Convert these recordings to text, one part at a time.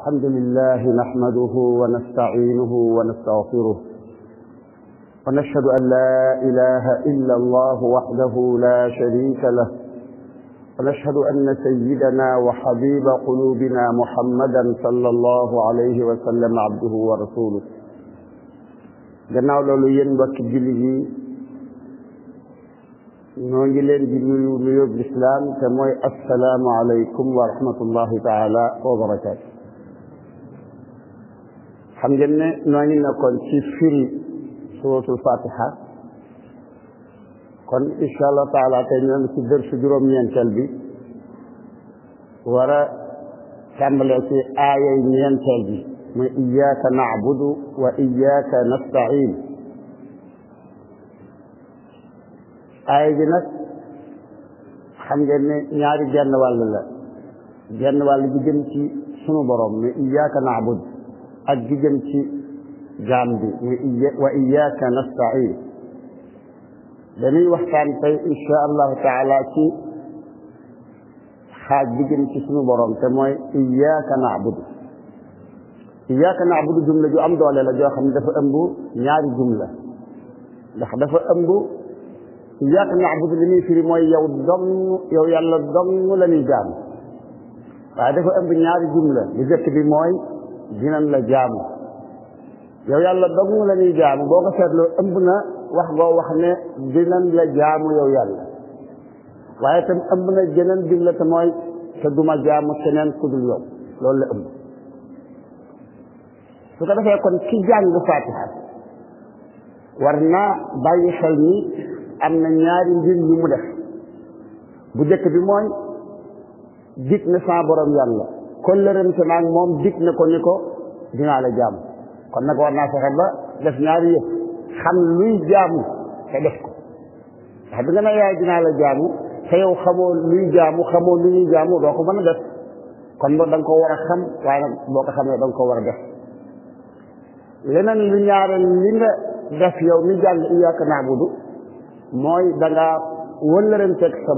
الحمد لله نحمده ونستعينه ونستغفره ونشهد أن لا إله إلا الله وحده لا شريك له ونشهد أن سيدنا وحبيب قلوبنا محمدا صلى الله عليه وسلم عبده ورسوله gannaaw loolu yéen mbokki jullit yi الإسلام ngi السلام عليكم ورحمة الله تعالى وبركاته xam ngeen ne noo ngi nekkoon ci firi suratul fatiha kon incha allah taala tey ñoo ngi ci dërsu juróom-ñeenteel bi war a tàmbalee ci aayay ñeenteel bi muy iyyaka na'budu wa iyyaka nasta'in aaya bi nag xam ngeen ne ñaari genn wàll la genn wàll bi jëm ci sunu borom mais iyyaka na'budu أججمتي جامد وإياك نستعين دني وحسن في طيب إن شاء الله تعالى كي حاج بجن كسم برام تموي إياك نعبد إياك نعبد جملة جو أمد ولا لجو أخم دفع أمبو جملة لخ دفع إياك نعبد لني في رموي يو الدم يو يالا الدم لني جام بعد دفع أمبو جملة لجت بموي dinañ la jaamu yow yàlla dong la ñuy jaamu boo ko seetloo ëmb na wax goo wax ne dinañ la jaamu yow yàlla waaye tam ëmb na jeneen digle te mooy te duma jaamu keneen ku dul loolu la ëmb su ko defee kon ki jàng fatiha war na bàyyi xel ni am na ñaari mbir yu mu def bu jëkk bi mooy dig na sa borom yàlla kóllërante maag moom dig na ko ni ko dinaa la jaamu kon nag war naa fexe ba def ñaari yëf xam luy jaamu te def ko ndax bi nga ne yaay dinaa la jaamu te yow xamoo luy jaamu xamoo lu ñuy jaamu doo ko mën a def kon boo da nga ko war a xam waaye boo ko xamee da ko war a def leneen yow mi jàng iyyaka na'budu mooy da nga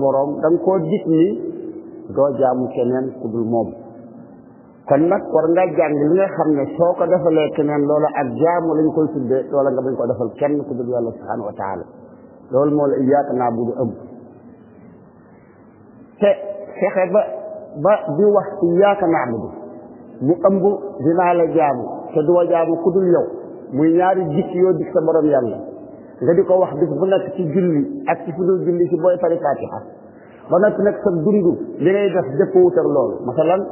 boroom da koo dig ni doo jaamu keneen ku moom kon nag war nga jàng li nga xam ne soo ko defalee keneen loolu ak jaamu lañ koy tuddee loola nga bañ ko defal kenn ku dul yàlla subhanahu wa taala loolu moo la iyyaka na'budu ëmb te fexe ba ba di wax iyyaka na'budu mu ëmb dinaa la jaamu te duma jaamu ku dul yow muy ñaari dikk yoo dikk sa borom yàlla nga di ko wax bis bu nekk ci julli ak ci fu dul julli ci booy fari fatiha ba nag nag sa dund li ngay def dëppoo wutal loolu masalan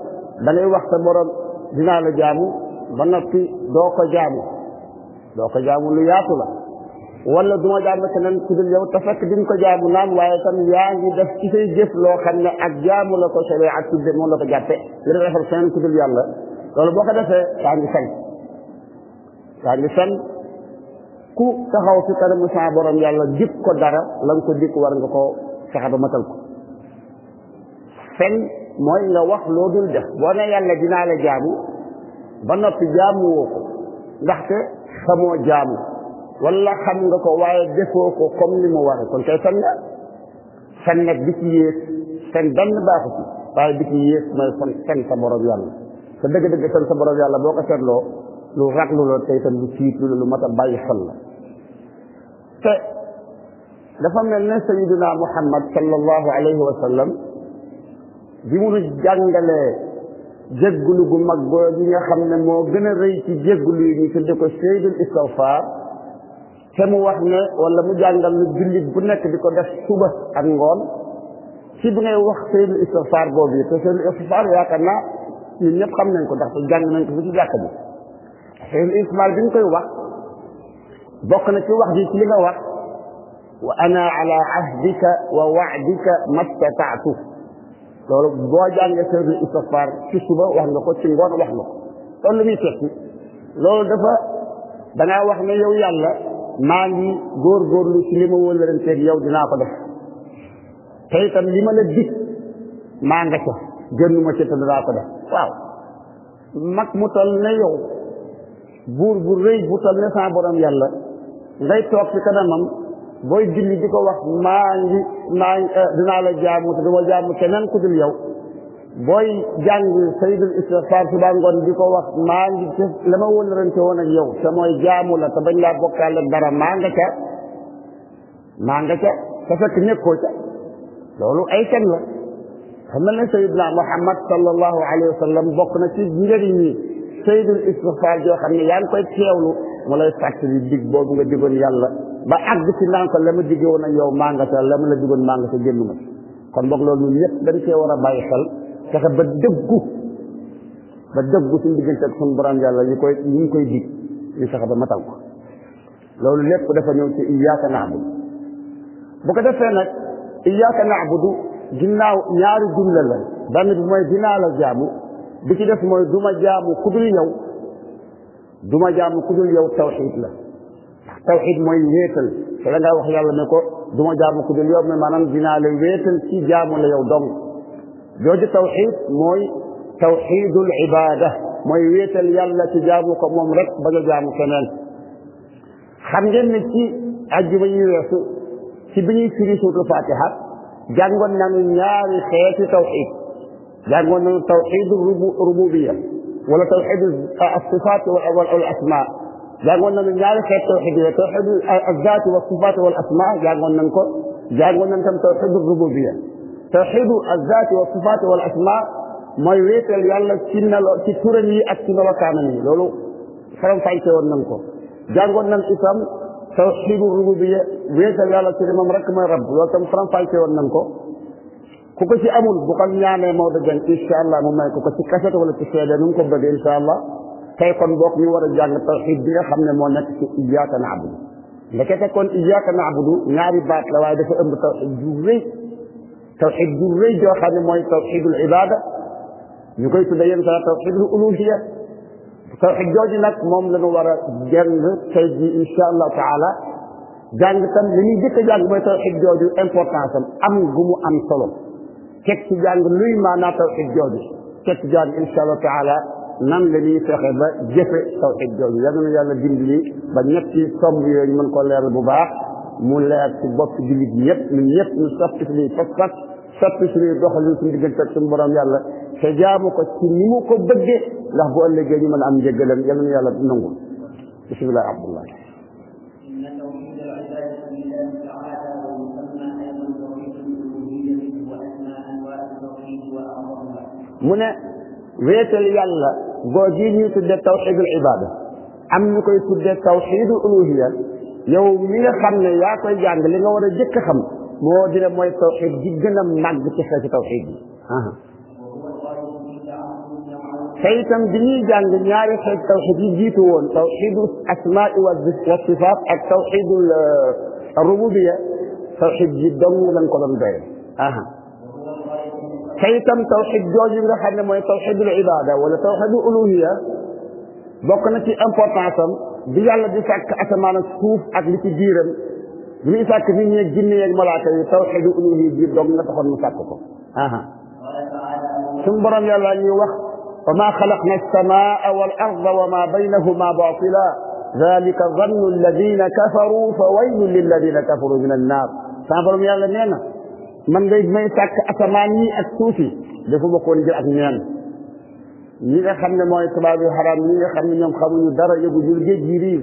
da ngay wax sa borom dinaa la jaamu ba noppi doo ko jaamu doo ko jaamu lu yaatu la wala du ma jaamu keneen ku dul yow te fekk di ko jaamu naam waaye tam yaa ngi def ci say jëf loo xam ne ak jaamu la ko sori ak tudde moom la ko jàppe li nga defal keneen ku dul yàlla loolu boo ko defee yaa ngi fen yaa ngi fen ku taxaw fi kanamu borom yàlla dik ko dara la nga ko dik war nga ko fexe ba matal ko fen mooy nga wax loo dul def boo ne yàlla dinaa jaamu ba noppi jaamu woo ko ndaxte xamoo jaamu wala xam nga ko waaye defoo ko ni mu waree kon kay fen la nag bi ci yées fen benn baaxu ci waaye bi ci yées mooy kon fen sa borom yàlla te dëgg-dëgg fen sa boo ko seetloo lu raglu la tey tam lu tiitlu la lu mat a bàyyi xel la dafa mel ne sayyidina Muhammad sallallahu alayhi wa sallam bi mu jàngalee jéggulu gu mag goo gi nga xam ne moo gën a rëy ci jéggulu yi ñu tudde ko seydul istawfaar te mu wax ne wala mu jàngal lu jullit bu nekk di ko def suba ak ngoon ci bi ngay wax seydul istawfaar boobu yi te seydul istawfaar yaakaar naa ñun ñëpp xam nañ ko ndax te jàng nañ ko fi ci jàkk bi seydul istawfaar bi ñu koy wax bokk na ci wax ji ci wax wa ana ala ahdika wa waadika mastata'tu loolu boo jàngee suratul istighfar ci suba wax nga ko ci ngoon wax nga ko loolu lu dafa da wax ne yow yàlla maa ngi góorgóorlu ci li ma wóolaranteeg yow dinaa ko def te itam li ma la dig maa nga ca génnuma ca te ko def waaw mag mu toll ne yow buur bu rëy bu ne sa borom yàlla ngay toog ci kanamam booy julli di ko wax maa ngi maa eh, dinaa la jaamu te duma jaamu keneen ku dul yow booy jàng sayyidul istighfar suba ngoon di ko wax maa ngi ci la ma wólarante woon ak yow te mooy jaamu la te bañ laa bokkaale dara maa nga ca maa nga ca te fekk nekkoo ca loolu ay kenn la xam na ne sayyidna joo xam ne yaa ngi koy teewlu mu lay fàttali dig boobu nga digoon yàlla ba àgg ci naan ko la ma digge woon ak yow maa nga ca la ma la digoon maa nga ca génn ma kon boog loolu ñun ñëpp dañ cee war a bàyyi xel fexe ba dëggu ba dëggu suñu diggante ak suñu borom yàlla ñu koy ñu koy dig ñu fexe ba matal ko loolu lépp dafa ñëw ci iyaaka naabudu bu ko defee nag iyaaka naabudu ginnaaw ñaari jumla la benn bi mooy dinaa la jaamu bi ci def mooy du ma jaamu ku dul yow duma ma jaamu ku dul yow tawxid la tawxid mooy wéetal te la nga wax yàlla ne ko duma ma jaamu ku dul yow mais maanaam dinaa la wéetal ci jaamu la yow dong jooju tawxid mooy tawxidul ibada mooy wéetal yàlla ci jaamu ko moom rek ba nga jaamu keneen xam ngeen ne ci àjjuma yi weesu ci bi ñuy firi suutu fatiha jàngoon nañu ñaari xeeti tawxid jàngoon nañu tawxidu rububiya ولا توحيد الصفات والاسماء جاغون من ذلك التوحيد توحيد الذات والصفات والاسماء جاغون منكم جاغون منكم توحيد الربوبيه توحيد الذات والصفات والاسماء ما يريد يالله سنن لو سورني اكن لو كانني لولو فرام فايتي ورن منكم جاغون من اسم توحيد الربوبيه ويت يالله سنن مركب ما رب لو تم فرام فايتي ورن منكم ku ko ci amul bu ko ñaanee Maodo Diagne incha allah mu may ko ko ci kaset wala ci seede nu mu ko bëggee incha allah tey kon boog ñu war a jàng tawxid bi nga xam ne moo nekk ci iyaaka naabudu ndekete kon iyaaka naabudu ñaari baat la waaye dafa ëmb tawxid ju rëy tawxid ju rëy joo xam ne mooy tawxidul ibada ñu koy tudde yéen sa tawxidul uluhiya tawxid jooju nag moom la ñu war a jàng tey ji incha allah taala jàng tam li ñuy jëkk a jàng mooy tawxid jooju importance am am gu mu am solo teg ci jàng luy maanaa tawxid jooju teg ci jàng insha allahu taala nan la ñuy fexe ba jëfe tawxid jooju yal na yàlla dimbali ba ñetti tomb yooyu mën ko leer bu baax mu leer ci bopp jullit yépp ñun ñëpp ñu soppi suñuy fas-fas soppi suñuy doxalin suñu diggante ak suñu borom yàlla te jaamu ko ci ni mu ko bëggee ndax bu ëllëgee ñu mën a am njëggalam yal na yàlla nangu bisimilah abdullah mu ne wéetal yàlla goo ji ñuy tudde tawxidul ibada am ñu koy tudde tawxidul uluhiya yow mi nga xam ne yaa koy jàng li nga war a jëkk xam moo dina mooy tawxid ji gën a màgg ci xeeti tawxid yi te itam di ñuy jàng ñaari xeet tawxid yi jiitu woon tawxidu asmaai wa sifaat ak tawxidu uh, rububiya tawxid ji dong lañ ko doon doye حيتم توحيد جوج بن حنا موي توحيد العباده ولا توحيد الالوهيه بوكنا سي امبورطانس دي يالا دي فك اسمان سوف اك لي سي ديرم ني فك ني ني جيني اك توحيد الالوهيه دي دوغ نا تخون مو فك كو ها ها سن وما خلقنا السماء والارض وما بينهما باطلا ذلك ظن الذين كفروا فويل للذين كفروا من النار سان بروم يالا نينا man ngay may sàkk asamaan yi ak suuf dafa bokkoon jël ak neen ñi nga xam ne mooy tubaab yu xaraam ñi nga xam ne ñoom xamuñu dara yëgu jul géej gi riir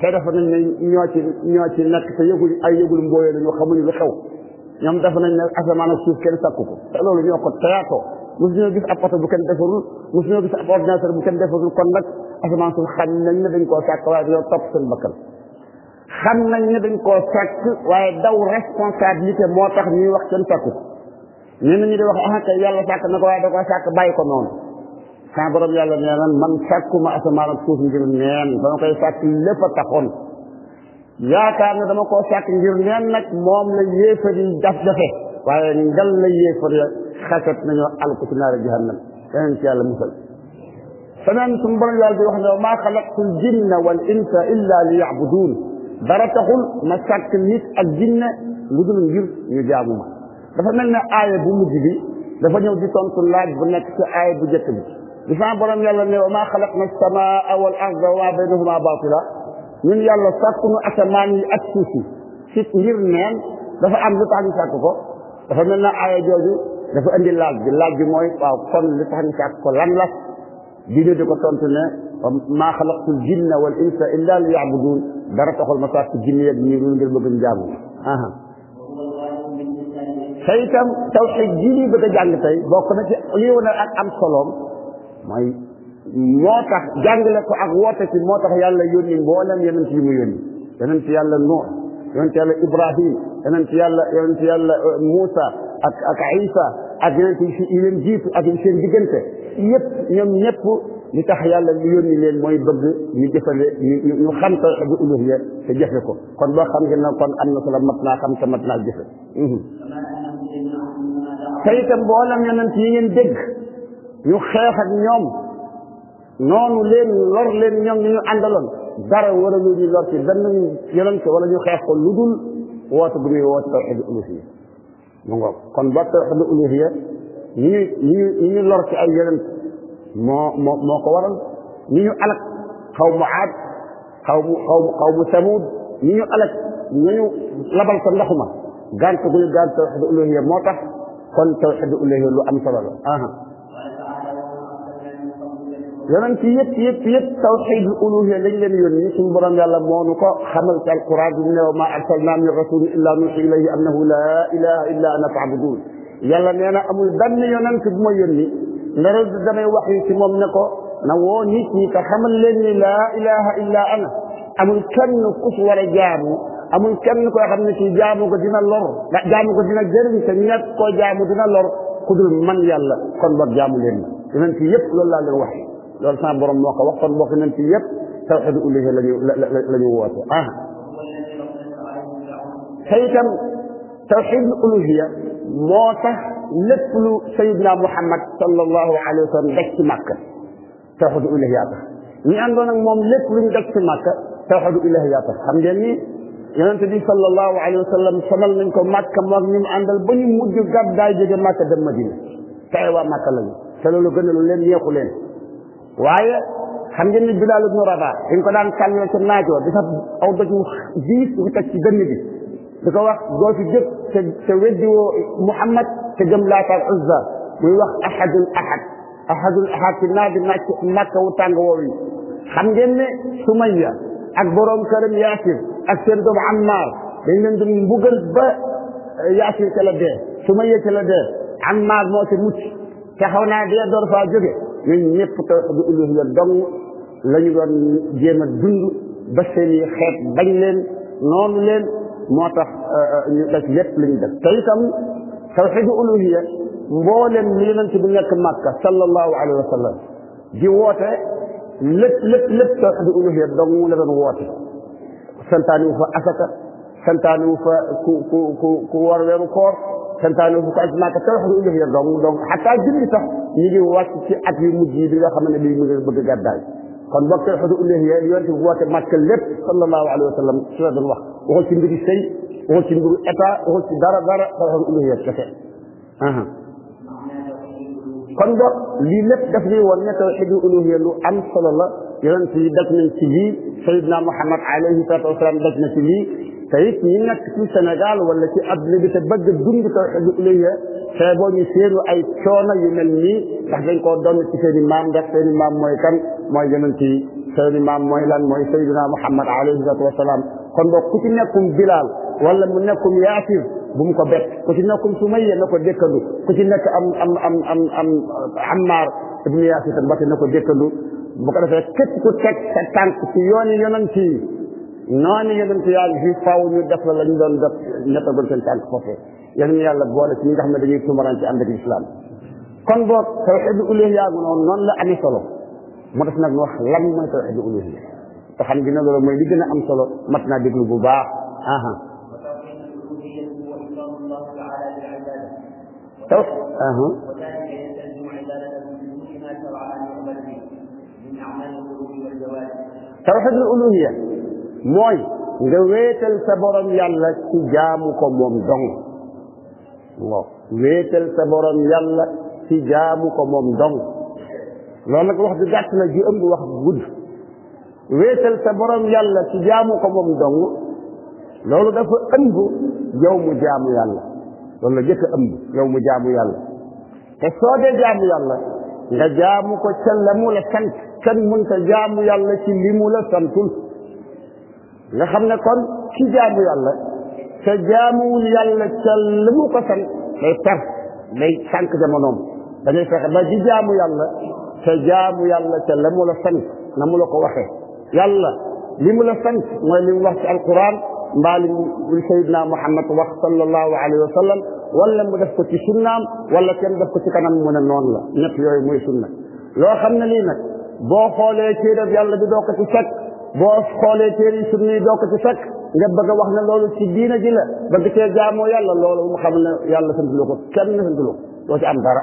te dafa nañ ne ñoo ci ñoo ci nekk te yëguñ ay yëgul mbooyee lañu xamuñu lu xew ñoom dafa nañ ne asamaan ak suuf kenn sàkku ko te loolu ñoo ko teyaatoo mosu ñoo gis ab oto bu kenn defarul mosu ñoo gis ab ordinateur bu kenn defarul kon nag asamaan suuf xam nañ ne dañ koo sàkk waaye dañoo topp seen bakkan xam nañ ne dañ koo sàkk waaye daw responsabilité moo tax ñuy wax kenn sàkkut ñenn ñi di wax ah kay yàlla sàkk na ko waaye da koo sàkk bàyyi ko noonu sans borom yàlla nee na man sàkkuma asamaan ak suuf ngir neen dama koy sàkk lépp a taxoon yaakaar ne dama koo sàkk ngir neen nag moom la yéefar yi daf jafe waaye ngal la yéefar ya xasat nañoo alku ci naara jahannam yeneen ci yàlla musal feneen suñu borom yàlla di wax ne maa xalaqtu l jinna wal insa illa li yacbuduun dara taxul ma sàkk ak jinne lu dul ngir ñu jaamu ma dafa mel na aaya bu mujj bi dafa ñëw di tontu laaj bu na ci aaya bu njëkk bi di sama borom yàlla ne wa maa xalaqna as-samaa wal arda wa maa baynahuma baatila ñun yàlla sàkku nu asamaan yi ak suuf si si ngir neen dafa am lu tax ñu ko dafa mel ne aaya jooju dafa indi laaj bi laaj bi mooy waaw kon li tax ñu sàkk ko lan la diine di ko tontu ne maa xalaqtul jinna wal insa illa li yabudun dara taxul ma sàkk jinne yeeg nii lu ngir bëgg njaamu aha te itam tawxid ji ñuy bëgg a jàng tey bokk na ci lii wane ak am soloom mooy moo tax jàngale ko ak woote ci moo tax yàlla yónni mboolem yonent yi mu yónni yonent yàlla Nuux yonent yàlla Ibrahim yonent yàlla yonent yàlla Muusa ak ak Isa ak yonent yi leen jiitu ak seen diggante yépp ñoom ñépp li tax yàlla lu yónni leen mooy bëgg ñu jëfale ñu ñu xam tawxiidu uluhiyya te jëfe ko kon boo xam ne kon am na solo mat naa xam te mat naa jëfe te itam mboolem yonent yi ngeen dégg ñu xeex ak ñoom noonu leen lor leen ñoom ñu ñu àndaloon dara war lu ñu lor ci benn yonent wala ñu xeex ko lu dul woote gu muy woote tawxiidu uluhiyya mu ngoog kon ba tawxiidu uluhiyya ñi ñu ñi ñu lor ci ay yonent mo mo ko waral ñi ñu alak xaw mu aad xaw mu xaw mu xaw mu samud ñi ñu alak ñu labal ko ndaxuma ma gànt gu ñu gànt tawxidu uluhiya moo tax kon taw tawxidu uluhiya lu am solo la aha yonent yëpp yëpp yëpp tawxidul uluhiya lañ leen yónni suñu borom yàlla moo nu ko xamal ci alquran bi mu ne wa ma arsalna min rasulin illa nuxi ilayhi annahu la ilaha illa ana faabudun yàlla nee na amul benn yonent bu ma yónni ndara damay wax yi ci moom ne ko na woo nit ñi te xamal leen ni laa ilaha illa ana amul kenn ku fi war a jaamu amul kenn koo xam ne ci jaamu ko dina lor da jaamu ko dina jëriñ te ñett koo jaamu dina lor ku dul man yàlla kon boog jaamu leen ma yonent yi yëpp loolu laa leen wax loolu sama borom moo ko wax kon bokk nañ ci yëpp tawxidu uluhiyya lañu la la la ñu woote ah te itam tawxidul uluhiya moo tax lépp lu sayidna muhammad sallallahu alayhi wa sallam daj ci màkka tawxidul uluhiya tax ñi àndoon ak moom lépp luñ daj ci màkka tawxidul uluhiya tax xam ngeen ni yonente bi sallallahu alayhi wa sallam sonal nañ ko màkka moog ñi mu àndal ba ñu mujj gàddaay jóge màkka dem madina tay waa màkka lañu te loolu gënalu leen neexu leen waaye xam ngeen ni bilal ibnu rabaa dañ ko daan sànnee ca naaj wa di fa aw doj mu diis ñu teg ci dënn bi da ko wax doo ci jëpp te te weddi woo muhammad te gëm laatal uzza muy wax ahadul ahad ahadul ahad ci naa di nàcc màkka wu tàng woowu yi xam ngeen ne sumayya ak borom këram yaasir ak seen doom ammar dañ leen doon mbugal ba yaasir ca la dee sumayya ca la dee ammar moo ci mucc te xaw naa dee door faa jóge ñun ñëpp tawxidu uluhiya dong la ñu doon jéem a dund ba seen i xeet bañ leen noonu leen moo tax ñu euh, euh, daj lépp lu ñu def te itam tawxidu uluhiya mboolem li yonent bu nekk màkka sallallahu alayhi wa sallam woote lépp lépp lépp tawxidu uluhiya dong mu woote santaani wu fa asaka santaani ku ku ku ku war weeru koor santaani wu fa ku aj màkka tawxidu uluhiya dong dong xataa julli sax ñu ngi wàcc ci at yu mujj yi bi nga xam ne bii mu ngi bëgg kon bokkee xadu ullahi yaa yoon ci woote màkk lépp sallallahu alayhi wa sallam ci la wax waxul ci mbiri sëy waxul ci mbiru état waxul ci dara dara dara xadu yé yaa aha kon boog li lépp daf ñuy won ne taw xudu tawxidu yé lu am solo la yonent yi daj nañ ci lii sayyidna muhammad alayhi salatu wasalaam daj na ci lii te it ñi nak ci sénégal wala ci àdduna bi te bëgg dund taw xudu tawxidu yé xeeboo ñu seenu ay coono yu mel nii ndax dañ koo doon ci seen i maam ndax seen i maam mooy kan mooy yonent yi seen i maam mooy lan mooy sayyidina Muhammad alayhi salaatu wasalaam kon boog ku ci nekkum Bilaal wala mu nekkum Yaasir bu mu ko bett ku ci nekkum Sumayya na ko dëkkandu ku ci nekk am am am am am Ammaar ibnu Yaasir tam bati na ko dëkkandu bu ko defee képp ku teg sa tànk ci yooni yonent yi noonu yonent yaa ngi fi faw ñu def la la ñu doon def nettagul seen tànk foofee yal ñu yàlla boole ci ñi nga xam ne dañuy tumaraan ci ànd ak islam kon boog tawxidu uluhiyya gu noonu noonu la amee solo mu def nag ñu wax lan mooy tawxidu uluhiyya te xam gi ne loolu mooy li gën a am solo mat naa déglu bu baax aha taw aha tawxidul uluhiyya mooy nga wéetal sa borom yàlla ci jaamu ko moom dong waaw wéetal sa borom yàlla ci jaamu ko moom dong loolu nag wax di gàtt la ji ëmb wax gudd wéetal sa borom yàlla ci jaamu ko moom dong loolu dafa ëmb yow mu jaamu yàlla loolu la jëkk ëmb yow mu jaamu yàlla te soo dee jaamu yàlla nga jaamu ko ca la sant kan mun ta jaamu yàlla ci li mu la santul nga xam ne kon ci jaamu yàlla te jaamuwul yàlla ca li mu ko sant day perte day sànq jamonoom da ngay fexe ba di jaamu yàlla te jaamu yàlla ca la mu la sant na mu la ko waxee yàlla li mu la sant mooy li mu wax ci alquran mbaa li mu sayidna muhammad wax sallallahu alayhi wa sallam wala mu def ko ci sunnaam wala kenn def ko ci kanam mu ne noonu la ñett yooyu muy sunna loo xam ne lii nag boo xoolee téereb yàlla bi doo ko ci fekk boo xoolee téere sunni doo ko ci fekk nga bëgg a wax na loolu ci diina ji la bëgg cee jaamoo yàlla loolu mu xam ne yàlla sant la ko kenn sant la ko doo ci am dara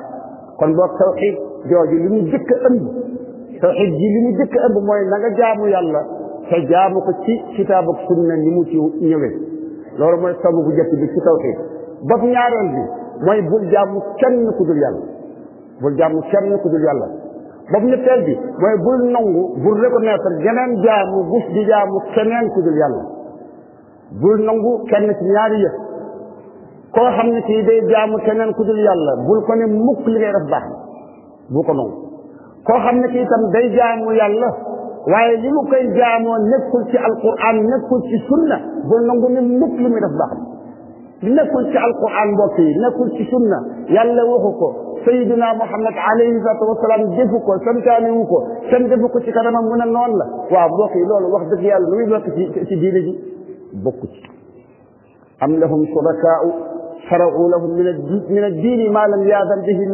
kon boog tawxid jooju li mu jëkk a ëmb ji li mu jëkk a mooy na jaamu yàlla te jaamu ko ci kitaab ak sunna ni mu ci ñëwee loolu mooy sabu bu jëkk bi ci tawxid bopp ñaareel bi mooy bul jaamu kenn ku dul yàlla bul jaamu kenn ku yàlla bopp ñetteel bi mooy bul nangu bul reconnaître geneen jaamu bus di jaamu keneen ku dul yàlla bul nangu kenn ci ñaari koo xam ne kii day jaamu keneen ku dul yàlla bul ko ne mukk li ngay def baax na ko nangu koo xam ne kii itam day jaamu yàlla waaye li mu koy jaamoo nekkul ci alquran nekkul ci sunna bul nangu ne mukk li muy def baax na nekkul ci alquran mbokk yi nekkul ci sunna yàlla waxu ko sayiduna muhammad alayhi salatu ko santaane wu ci kanamam mu ne noonu la waaw mbokk yi loolu wax dëgg yàlla lu muy nekk ci ci diine bokku am lahum shurakaa'u shara'u lahum min ad-diin min ad-diini maa lam ya'zan bihi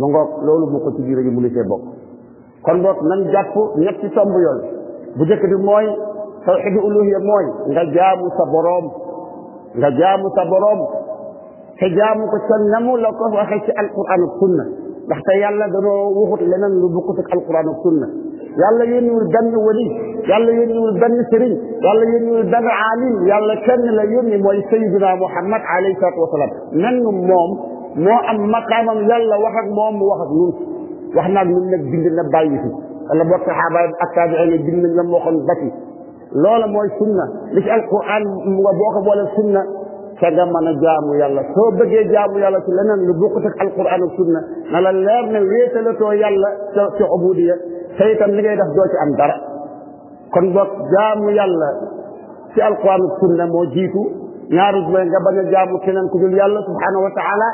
loolu bu ci biir gi mu ngi see bokk kon boog nan jàpp ñetti tomb yooyu bu njëkk bi mooy tawxidu uluhiya mooy nga jaamu sa boroom nga jaamu sa boroom te jaamu ko ca la ko waxee ci alquran ak sunna ndaxte yàlla danoo waxut leneen lu bokk ci alquran ak sunna يلا ينور دم ولي يلا ينور دم سري يلا ينور دم عالم يلا كن ليوني مولي سيدنا محمد عليه الصلاة والسلام من موم مو أم مقام يلا وحق موم وحق نوس وحنا منك بندنا بايته الله بوك صحابة أكاد عيني بندنا موخن لا لا موي سنة لش القرآن موابوك بولا سنة كما نجامو يلا سو بجي جامو يلا سلنا نبوكتك القرآن والسنة نلا لابن ويتلتو يلا سعبودية te tam li ngay def doo ci am dara kon boog jaamu yàlla ci alquran ak sunna moo jiitu ñaarut mooy nga bañ a jaamu keneen ku dul yàlla subhanahu wa taala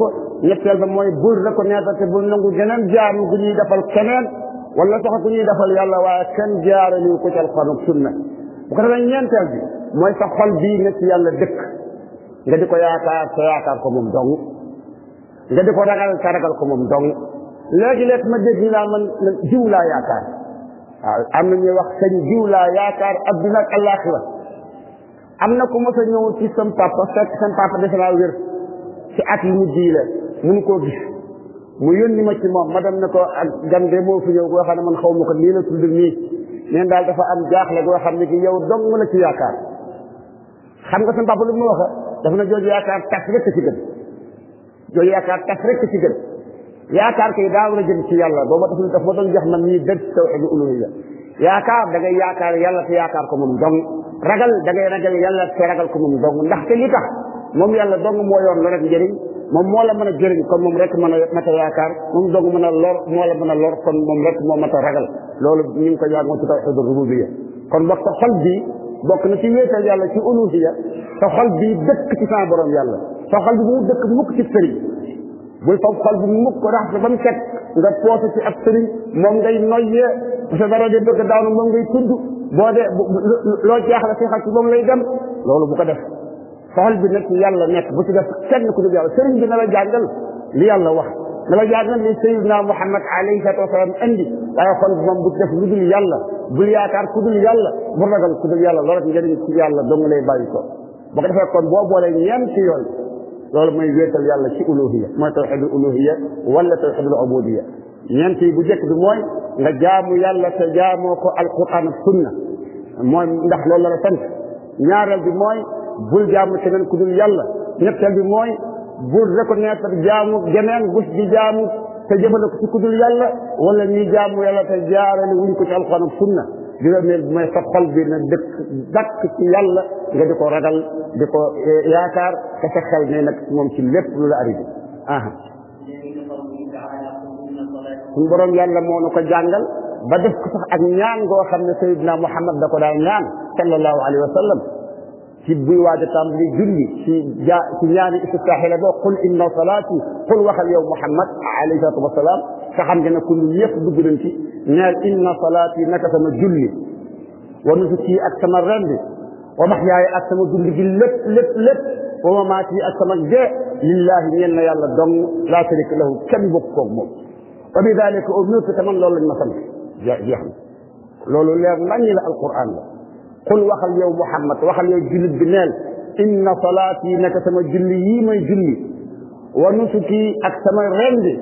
ko ñetteel ba mooy bul reconnaître te bul nangu geneen jaamu gu ñuy defal keneen wala sax ku ñuy defal yàlla waaye kenn jaaraliwu ko ci alquran ak sunna bu ko defee ñeenteel bi mooy sa bii nga ci yàlla dëkk nga di ko yaakaar sa ko moom dong nga di ko ragal sa ragal ko moom dong léegi léeg ma dégg naa man man jiw laa yaakaar waaw am na ñuy wax sëñ jiw laa yaakaar adduna ak alaxira am na ku mos a ñëw ci sam papa fekk sam papa defe naa wér ci at yi mu jii la mënu koo gis mu yónni ma ci moom ma dem ne ko ak gan de moo fi ñëw goo xam ne man xaw ma ko nii la tudd nii neen daal dafa am jaaxle goo xam ne ki yow dong la ci yaakaar xam nga sam papa lu mu waxa dafa na jooju yaakaar tas rek ci gën jooju yaakaar tas rek ci gën yaakaar kay daaw la jëm ci yàlla booba daf daf ma doon jox man mii dëgg tawxidu uluhiyya yaakaar da ngay yaakaar yàlla te yaakaar ko moom dong ragal da ragal yàlla te ragal ko moom dong ndaxte li tax moom yàlla dong moo yoon la rek moom moo la mën a jëriñ kon moom rek mën a mat a yaakaar moom dong mën a lor moo la mën a lor kon moom rek moo mat a ragal loolu ñu ngi ko jàngoon ci tawxidu rububiyya kon boog sa xol bi bokk na ci wéetal yàlla ci uluhiyya sa xol bi dëkk ci sa borom xol bi bu mu dëkk bul foog xol bu mukk ko raxas ba mu set nga poosu ci ak sëriñ moom ngay noyyee sa dara di bëgg daanu moom ngay tudd boo dee loo jaaxle si xal ci moom lay dem loolu bu ko def xol bi nag ci yàlla nekk bu ci def kenn ku dul yàlla sëriñ bi na la jàngal li yàlla wax na la jàngal li sayyidina Muhammad alayhi salaatu wasalaam andi waaye xol bi moom bu def lu dul yàlla bul yaakaar ku dul yàlla bu ragal ku dul yàlla loolu ci yàlla dong lay bàyyi ko bu ko defee kon boo boolee ñeenti yooyu loolu mooy wéetal yàlla ci uluhiya mooy tawxidul uluhiya wala tawxidul ubudiya ñeent yi bu njëkk bi mooy nga jaamu yàlla te jaamoo ko alquran ak sunna mooy ndax loolu la la sant ñaareel bi mooy bul jaamu keneen ku dul yàlla ñetteel bi mooy bul reconnaître jaamu geneen gus di jaamu te jëmale ko ci ku dul yàlla wala ñuy jaamu yàlla te jaarale wuñ ko ci alquran ak sunna juróomeel bi mooy sa bi na dëkk dàkk ci yàlla nga di ko ragal di ko eh, yaakaar te sa xel ne nag moom ci lépp lu la arrivé aha suñu borom moo nu ko jàngal ba def ko ak ñaan goo xam ne sayyidina Muhammad da ko daa ñaan sallallahu alayhi wa ci buy waaj a tàmbali julli ci ja ci ñaani istiftaxi la boo qul inna salaati qul waxal yow muhammad alayhi salatu wasalaam nga xam nga ne ku ñu yëpp dugg nañ ci neel inna salaati naka sama julli wa nusuki ak sama rendi wa maxyaaya ak sama dund gi lépp lépp lépp wa mamaati ak sama dee lillahi ñeen na yàlla dong laa sharika lahu kenn bokk koog moom wa bi dalika umirtu taman loolu lañ ma sant jeex na loolu leer nañ la alquran la قل وخل يوم محمد وخل يوم جلد بنال إن صلاتي نك سما جلي ما جلي ونسكي أكسما رندي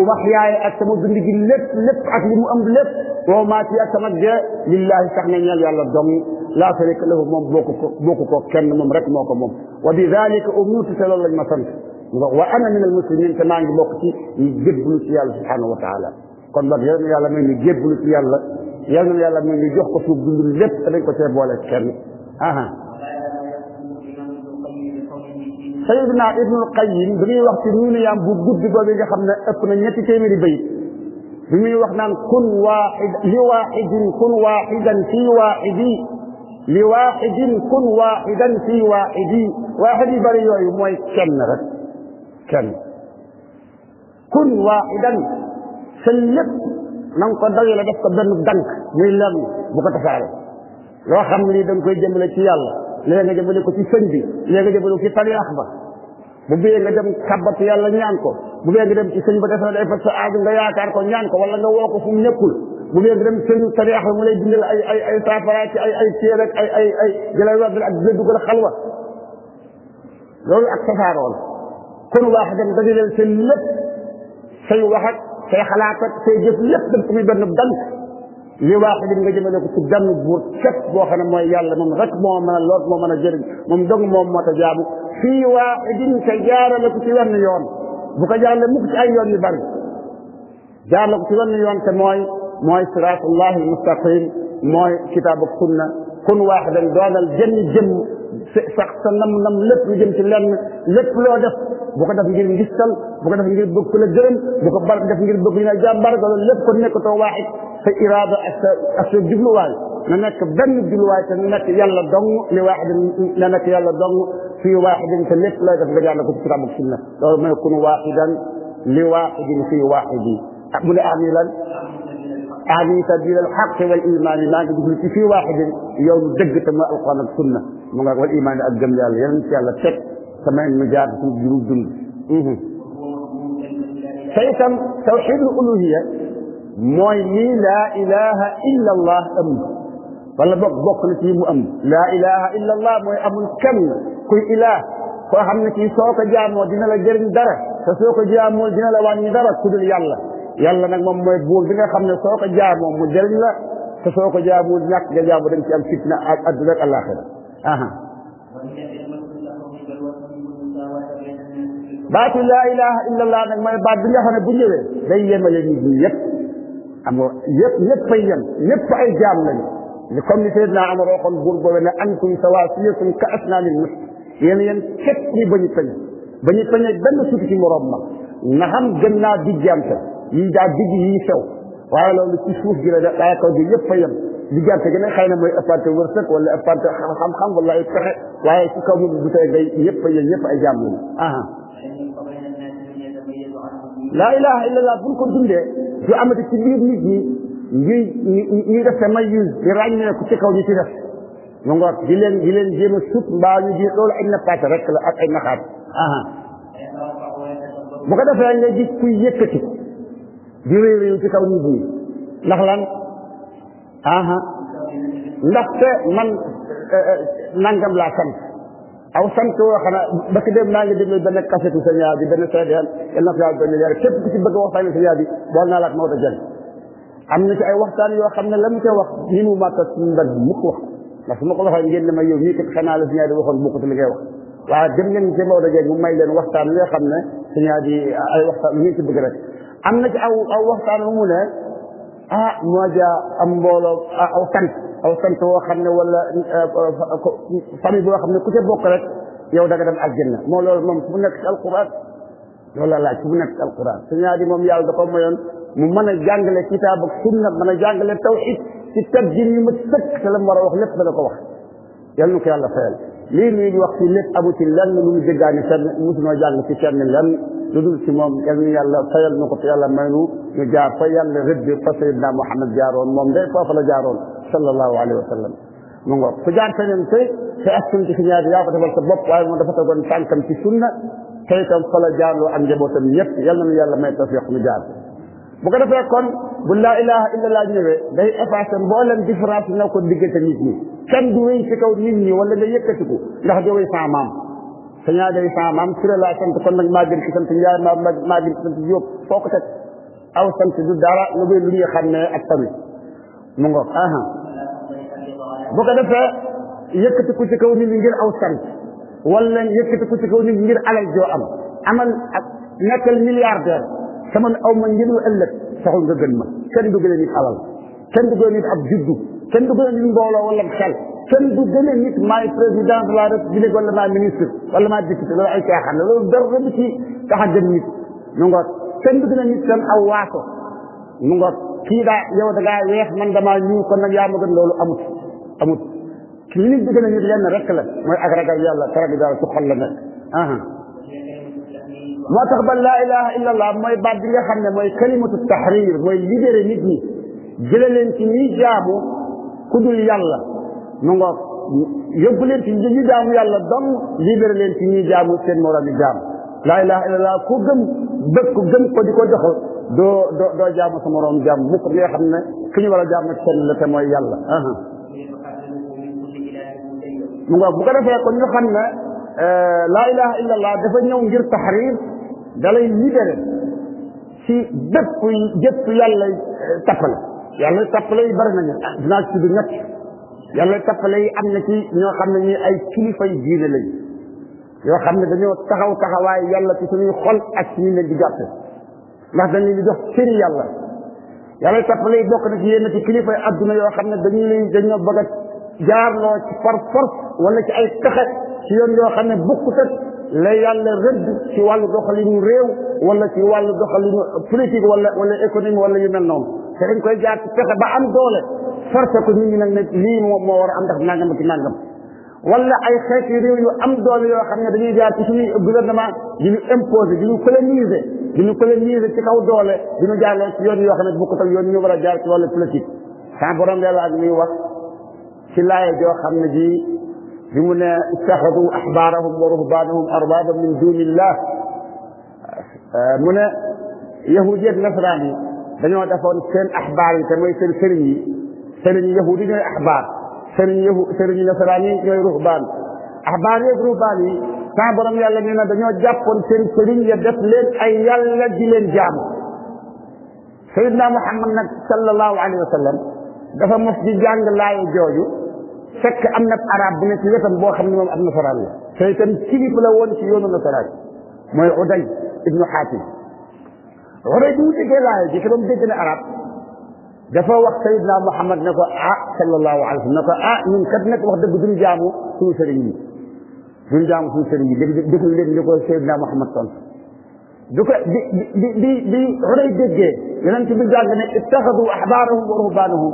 ومحياي أكسما بندي لب لب أكلي مؤمن لب وماتي أكسما جاء لله سحنين يا الله دمي لا شريك له مم بوكو بوكو كم مم رك موكو مم وبذلك أموت صلى الله عليه وسلم وأنا من المسلمين كما عند بوكتي يجيب بلوكي الله سبحانه وتعالى كن بغير يا الله من يجيب بلوكي الله yal na yàlla mi ñu jox ko suñu dund lépp te dañ ko cee boole kenn aha Sayyidina Ibnul Qayyim bi muy wax ci nuunu yaam bu gudd boobu nga xam ne ëpp na ñetti téeméeri bayit bi muy wax naan kun waaxid li waaxidin kun waaxidan fii waaxidi li waaxidin kun waaxidan fii waaxidi waaxid yu bëri yooyu mooy kenn rek kenn kun waaxidan sa lépp na nga ko dogale def ko benn dank muy lenn bu ko tasaare loo xam ne da nga koy jëmale ci yàlla léeg nga jëmale ko ci sëñ bi léeg nga jëmale ko ci tariax ba bu biyee nga dem kàbbatu yàlla ñaan ko bu biyee nga dem ci sëñ ba def na day faj sa aaju nga yaakaar ko ñaan ko wala nga woo ko fu mu nekkul bu biyee nga dem sëñ tariax ba mu lay dindal ay ay ay saafara ci ay ay téere ak ay ay ay jëlay wàggal ak dina dugal xalwa loolu ak tasaaroo la kon waax dem dajaleen seen lépp say wax ak say xalaat ak say jëf lépp daf ko muy benn dank li waaxidin nga jëmale ko ci benn buur képp boo xam ne mooy yàlla moom rek moo mën a loot moo mën a jëriñ moom dong moom moo ta jaamu fii waaxidin te jaarale ko ci wenn yoon bu ko jaarale mukk ci ay yoon yu bari jaarale ko ci wenn yoon te mooy mooy siratullahi almustaqim mooy kitaab ak sunna kun waaxidan doonal jenn jëmm sax sa nam-nam lépp lu jëm ci lenn lépp loo def bu ko def ngir ngistal bu ko def ngir bëgg ku la gërëm bu ko bar def ngir bëgg ñu ne jàmbar loolu lépp ko nekkatoo waaxit sa iraada ak sa ak sa jubluwaay na nekk benn jubluwaay te na nekk yàlla dong li waaxidin na nekk yàlla dong fii waaxidin te lépp looy def nga jàll ko ci kitaab ak sunna loolu mooy kun waaxidan li waaxidin fii waaxidi ah, mu ne ami lan أعني سبيل الحق والإيمان ما قلت في واحد يوم دقة ما القرآن السنة من قال والإيمان أقدم يا الله ينسي على تك سمعين مجاب في جنود دل سيسم توحيد الألوهية موي لا إله إلا الله أم ولا بق بق نتيم أم لا إله إلا الله موي أم كم كل إله فأهم نتيم سوك جامو دينا لجرن درة فسوك جامو دينا لواني درة كدل يالله yàlla nag moom mooy buur bi nga xam ne soo ko jaamoo mu jëriñ la te soo ko jaamu ñàkk nga jaamu dañ ci am fitna ak adduna ak alaxira aha baatu laa ilaha illa allah nag mooy baat bi nga xam ne bu ñëwee day yemale nit ñi yëpp am nga yëpp ñëpp ay yem ñëpp ay jaam lañu li comme ni Seydina Amar waxoon buur boobee ne antum sawaasiyatun ka asnaanil mus yéen yéen képp ñi bañu peñ bañu ak benn suuti ci morom ma na xam gën naa di jaam yi daa digg yi sew waaye loolu ci suuf gi la daa kaw gi yëpp a yem di gerte gi nag xëy na mooy ëppante wërsëg wala ëppante xam-xam wala ay pexe waaye ci kaw moom bu tey ngay yëpp a yem ay jàmm lañu aha laa ilaha illallah buñ ko dundee du amati ci biir nit ñi ñuy ñuy def te may use di ràññee ko ci kaw ñu ci def mu ngoor di leen di leen jéem a sut mbaa ñu di loolu ay nappaate rek la ak ay naxaat aha bu ko defee nga gis kuy yëkkati di réew ci kaw nit bi ndax lan aha ndaxte man eh, eh, nangam laa sant aw sant woo xanaa ba dem naa ngi déglu benn kasetu sa ñaar bi benn seedeel yal na ko yàlla benn képp ku ci bëgg a waxtaanee sa ñaar bool naa la ak Maodo Diagne am na ci ay waxtaan yoo xam ne la mu ca wax ni mu màkk ak mbag mukk wax ndax ko waxee ngeen ne ma yow nii kat xanaa la sa ñaar di waxoon bokkut li ngay wax waaye dem ngeen ci Maodo Diagne mu may leen waxtaan li xam ne sa ñaar di ay waxtaan lu ñu ci bëgg rek am na ci aw aw waxtaan wu mu ne ah Mouadia am mbooloo aw sant aw sant woo xam ne wala famille boo xam ne ku ca bokk rek yow da nga dem aljanna moo loolu moom fu mu nekk ci alquran loolu laa laaj fu mu nekk ci alquran su ñaari moom yàlla da ko mayoon mu mën a jàngale kitaab ak sunna mën a jàngale tawxid ci tabjin yu ma sëkk te la mu war a wax lépp dana ko wax yal na ko yàlla fayal lii nii di wax ci lépp amu ci lenn lu mu jéggaani fenn mosunoo jàng ci kenn lenn lu dul ci moom yal na yàlla fayal nu ko te yàlla may nu ñu jaar fa yàlla rëbbi fa sayyidna Muhammad jaaroon moom day foofa la jaaroon sallallahu alayhi wa sallam mu ngoog ku jaar feneen tey te askan ci si ñaar yaa ko defal sa bopp waaye moom dafa tegoon tànkam ci sunna tey tam fa la jaarloo ak njabootam ñëpp yal na yàlla may tawfiq ñu jaar bu ko defee kon bu laa ilaha illallah ñëwee day effacé mboolem différence na ko diggante nit ñi kenn du wéy ci kaw nit ñi wala nga yëkkatiku ndax doo wéy sa maam sëñ Adé Fall maam Touré laa sant kon nag maa gën ci sant Ndiaye maa maa gën ci sant Diop foo ko teg aw sant du dara lu muy lu ñuy xam ne ak tamit mu ngoog aha bu ko defee yëkkati ku ci kaw nit ñi ngir aw sant wala yëkkati ku ci kaw nit ñi ngir alal joo am amal ak nekkal milliardaire sama aw ma ngir lu ëllëg taxul nga gën ma kenn du gën a nit alal kenn du gën a nit ab juddu kenn du gën a nit mbooloo wala xel كان قدامي ميت ماي بريزيدان ولا رئيس ولا ما مينيستر ولا ما دكتور ولا أي شيء حنا لو دربتي تحد ميت نقول كان قدامي ميت كان أواته نقول كذا يو دعاء ويح من دما نيو كنا يا مقدر لولو أموت أموت كلينك قدامي ميت لأن ركلا ما أغرق يلا ترى كذا تخلنا أها ما تقبل لا إله إلا الله ما يبعد لي خلنا ما كلمة التحرير ما يدير نجني جلل انت مي جابو كدل يلا mu ngoog yóbbu leen ci ñi jaamu yàlla dong libéré leen ci ñi jaamu seen morom yi jaam laa ilaha illallah ku gëm ko di ko doxal doo doo doo jaamu sa morom jaam mukk mi nga xam ne ki ñu war a jaamu kenn la te mooy yàlla mu ngoog bu ko defee kon ñu xam ne eh, laa ilaha illallah dafa ñëw ngir taxrir dalay libéré ci bépp jëpp yàlla eh, tappale yàlla tappale yi bari nañu ah, dinaa ci tudd يلا تفلي أمنتي نو خم أي كيف يجينا لي يو خم نو تهو تهو أي يلا تسمي خل أسمين الجاتة لا دني بدو سير يلا يلا تفلي بوك نجي نتي كيف أدنى يو خم نو دني لي دني بعد جار لو تفر فر ولا كأي تخت سير يو خم نو بكتت لا يلا رد سوال دخل ريو ولا سوال دخل نو ولا ولا إقليم ولا يمنون سرين كوي جات تخت بعمر دولة forcé ko nit ñi nag ne lii moom moo war a am ndax nangam ci nangam wala ay xeeti réew yu am doole yoo xam ne dañuy jaar ci suñuy gouvernement di ñu imposer di ñu coloniser di ñu coloniser ci kaw doole di ñu jaarloo ci yoon yoo xam ne bokkut ak yoon ñu war a jaar ci wàllu politique sans borom yàlla ak muy wax ci laaye joo xam ne jii bi mu ne ittaxadu axbaarahum wa ruhbaanahum arbaaba min dunillah mu ne yahudi ak nasraan yi dañoo defoon seen axbaar yi te mooy seen sëriñ yi سرني يهودي جاي أحبار سرني يهو سرني نصراني جاي رهبان أحبار يجي رهباني كابرم يا الله نينا دنيا جابون سر سرني يدس لين أي يا الله جلين جام سيدنا محمد صلى الله عليه وسلم دفع مفدي جان الله يجوجو سك أمنا أراب بنتي يتم بوخم نوم أبن فرامي سيتم كيف لون في يوم النصراني ما يعودي ابن حاتم عودي دوتي جلائي جكرم أنا أراب dafa wax sayidna muhammad ne ko ah sallallahu alayhi wasallam ne ko ah ñun kat nag wax dëgg duñ jaamu suñu sëriñ yi duñ jaamu suñu sëriñ yi def def leen ni ko sayidna muhammad ton du ko di di di di xolay déggee yonent bi jàng ne ittaxadu ahbaarahum wa ruhbaanahum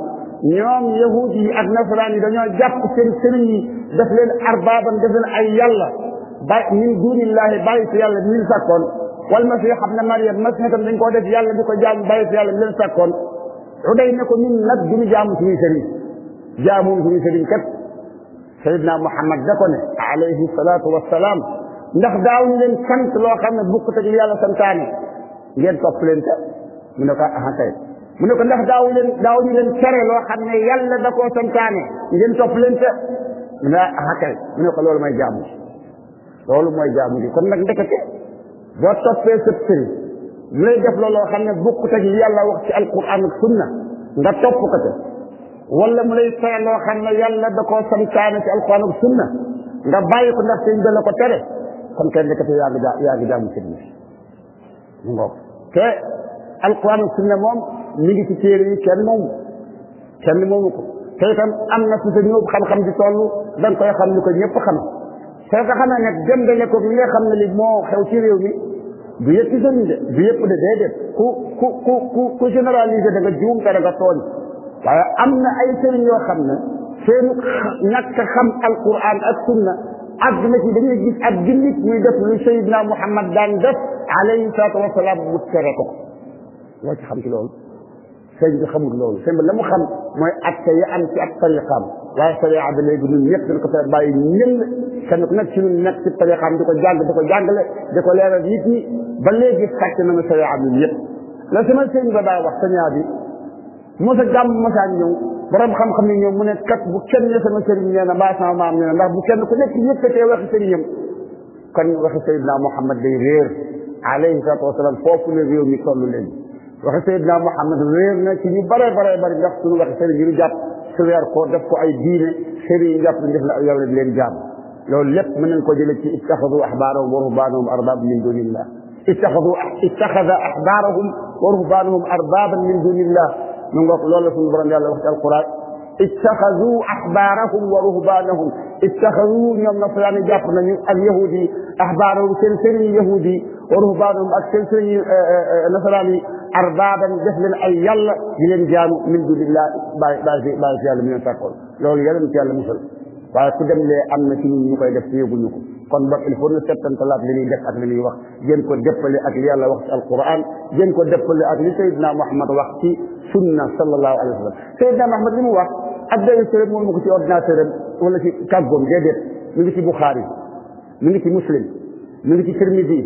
ñoom yahud yi ak nasaraan yi dañoo jàpp seen sëriñ yi def leen arbaaban def leen ay yàlla ba min dunillahi bàyyi si yàlla min sàkkoon wal masih xam ne mariam masih tam dañ koo def yàlla di ko jaam bàyyi si yàlla mi leen sàkkoon Xuday ne ko ñun nag du ñu jaamu suñuy sëriñ jaamuñ suñuy sëriñ kat Seydina Muhammad da ko ne alayhi salaatu wassalaam ndax daaw ñu leen sant loo xam ne bukkut ak yàlla santaane ngeen topp leen ca mu ne ko ah kay mu ne ko ndax daaw leen daaw ñu leen tere loo xam ne yàlla da koo santaane ngeen topp leen ca mu ne ah kay mu ne ko loolu mooy jaamu loolu mooy jaamu gi kon nag ndekete boo toppee sëb sëriñ ñu lay def looloo xam ne bokkut ak li yàlla wax ci alquran ak sunna nga topp ko te wala mu lay tere loo xam ne yàlla da koo santaane ci alquran sunna nga bàyyi ko ndax sëñ bi ko tere kon kenn dëkk yaa yaa ngi jaamu sunna moom mi ngi ci téere kenn moomu kenn moomu ko te itam am na su sa ñëw xam-xam di toll da nga koy xam ni ko ñëpp xam soo ko xamee xam ne li moo xew ci réew mi du yëpp ci sëriñ de du yëpp de déedéet ku ku ku ku ku généraliser da nga am na ay sëriñ yoo xam ne seen ñàkk xam alquran ak sunna ak na ci dañuy gis ak jullit muy def lu Seydina Muhammad daan def alayhi salaatu wasalaam mu tere ko loo ci xam ci loolu sëñ bi xamul loolu sëñ bi la mu xam mooy acte yi am ci ab tariqaam waaye sariya bi léegi ñun ñëpp dañ ko fee bàyyi ñëll kenn ku nekk ci ñun nekk ci tariqaam di ko jàng di ko jàngale di ko leeral nit ñi ba léegi fàtte na ma sariya bi yëpp la sama sëñ ba bàyyi wax sëñaa bi mosa gàmm mosaan ñëw borom xam-xam yi ñëw mu ne kat bu kenn ne sama sëriñ nee na mbaa sama maam nee na ndax bu kenn ku nekk yëkkatee waxi sëriñam kon waxi sayidna muhammad day réer alayhi salatu wasalaam foofu la réew mi toll léegi waxi sayidna muhammad réer na ci ñu bare bare bari ndax suñu waxi sëriñ yi ñu jàpp ci weer koor def ko ay diine sëriñ yi jàpp ne def la yow leen jaam loolu lépp mën nañ ko jële ci ittaxadu ahbaarahum wa ruhbaanahum arbaban min dunillah ittaxadu ittaxada ahbaarahum wa ruhbaanahum arbaban min dunillah mu ngoog loolu la suñu borom yàlla wax ci alquran ittaxadu ahbaarahum wa ruhbaanahum ittaxadu ñoom nasaraan yi jàpp nañu ak yahudi ahbaarahum seen sëriñ yahudi wa ruhbaanahum ak seen sëriñ nasaraan yi arbaaban def leen ay yàlla di leen jaamu min dunillah baay baay si baay si yàlla mu leen fekkoon loolu yàlla ci yàlla waaye ku dem lee am na ci ñun ñu koy def ci yëguñu kon boog il faut ñu settantalaat li ñuy def ak li ñuy wax gën ko dëppale ak li yàlla wax ci alquran gën ko dëppale ak li Seydina Muhammad wax ci sunna sallallahu wa sallam Seydina Muhammad li mu wax ak dayu sërëm moom mu ko ci ordinateur am wala ci kàggoom déedéet mi ngi ci Bukhari mi ngi ci Muslim mi ngi ci Tirmidhi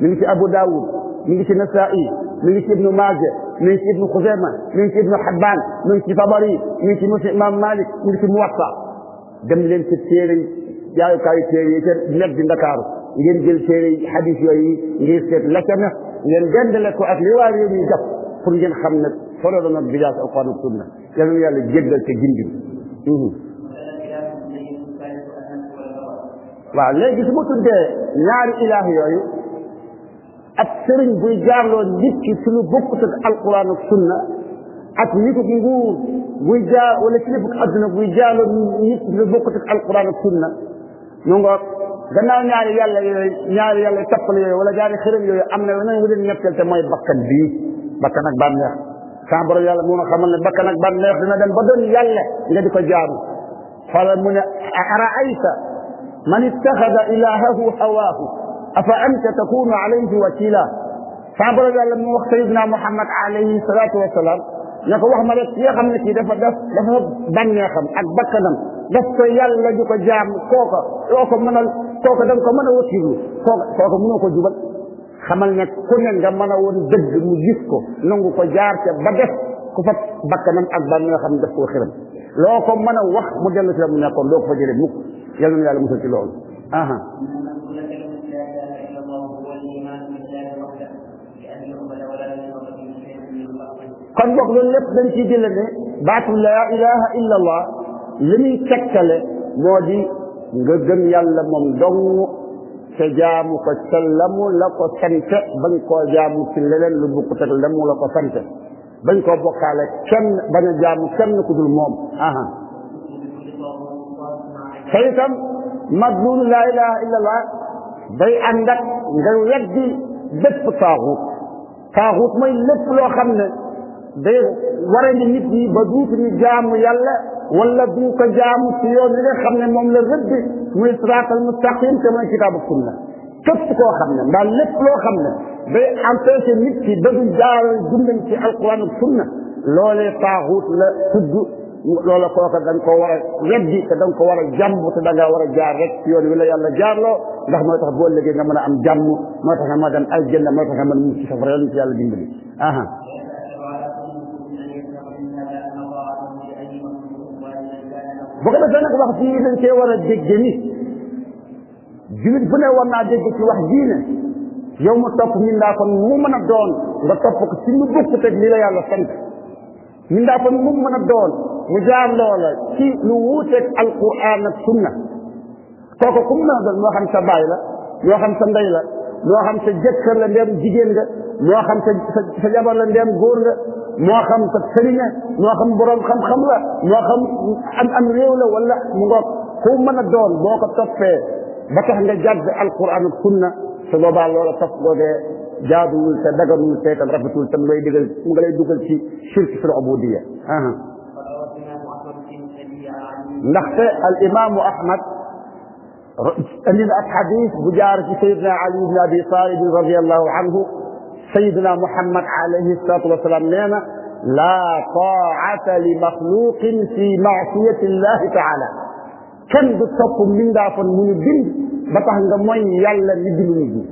mi ngi ci Abu Dawud منك النسائي منك ابن ماجه منك ابن خزيمة منك ابن حبان منك طبري منك إمام مالك منك موصى دم لين تبتيري يا كاي تيري يجر نبض ذكر تيري حديث يوي يجر لكن يجن لك أكل واري يجف فرجن خمن فرجن بجاس أقام السنة يجن يال جد لك جندي وعليه جسمه تبدأ نار إلهي ak sëriñ buy jaarloo nit ki ci lu bokkut ak alquran ak sunna ak nitu nguur buy jaar wala kilifuk adduna buy jaarloo nit ci lu bokkut ak alquran ak sunna mu ngoog gannaaw ñaari yàlla yooyu ñaari yàlla tappal yooyu wala ñaari xërëm yooyu am na yeneen wu leen ñetteel te mooy bakkan bii bakkan ak bànneex sans borom yàlla moo ma xamal ne bakkan ak bànneex dina dem ba doon yàlla nga di ko jaamu xoolal mu ne araayta man ittaxada ilaahahu hawaahu أفأنت تكون عليه وكيلا فعبر ذلك لما وقت سيدنا محمد عليه الصلاة والسلام نك الله ما لك يا خم نكيد فدف دف بن يا خم أكبر كنم دف سيال لجوك جام كوكا كوكا من ال كوكا دم كمان وشيلو كوكا كوكا منو كجوبل خمال نك كونن جمانا ون دد مجيسكو نونو كجار كبدف كفت بكنم أكبر يا خم دف وخيرم لو كمان وح مجلس لمن يقول لو كجيل مك يلا يلا مسجلون أها kon boog loolu lépp dañ ci jële ne baatu la ilaha illa allah li muy tegtale moo di nga gëm yàlla moom dong te jaamu ko ca lamu la ko sante bañ koo jaamu ci leneen lu bukkut ak lamu la ko sante bañ koo bokkaale kenn bañ a jaamu kenn ku dul moom aha te itam madlulu la ilaha illa allah day ànd ak nga weddi bépp taaxuut taaxuut mooy lépp loo xam ne day ware ni nit ñi ba duutuñu jaamu yàlla wala duñ ko jaamu ci yoon yi nga xam ne moom la rëdd muy siraat al mustaqim te mooy kitaabu sunna képp koo xam ne ndax lépp loo xam ne day empêché nit ki ba du jaar dundam ci alquran ak sunna loolee taaxuut la tudd loola kooka da nga ko war a weddi te da nga ko war a jàmb te da ngaa war a jaar rek ci yoon wi la yàlla jaarloo ndax mooy tax boo léegi nga mën a am jàmm moo tax nga mën a dem aljanna moo tax nga mën a mucc safara yàlla ci yàlla dimbali aha bu ko defee nag wax jii dañ cee war a dégge ni bu ne war naa dégg ci wax jii ne yow ma topp min daa kon mu mën a doon nga topp ko ci lu bokk teg li la yàlla sant min daa kon mu mën a doon mu jaar loola ci lu wuuteeg alquran ak sunna kooku ku mu mën a doon la moo xam sa ndey la moo xam sa jëkkër la ndeem jigéen nga moo xam nga مواخم تكسرية مواخم برام خمخم لا مواخم الأمر يولا ولا مغاب هم من الدول موقع تطفى بك هنجا جاد القرآن السنة سلوبا الله تطفى ده جاد ملتا دقر ملتا رب تولتا ملوي دقل مغلي دقل شي شرك في العبودية أه. نخطى الإمام أحمد أن الحديث بجارة سيدنا علي بن أبي طالب رضي الله عنه سيدنا محمد عليه الصلاة والسلام نعمة لا طاعة لمخلوق في معصية الله تعالى كم دتصف من دافع من الدين بطه نغموين يالا نجل نجل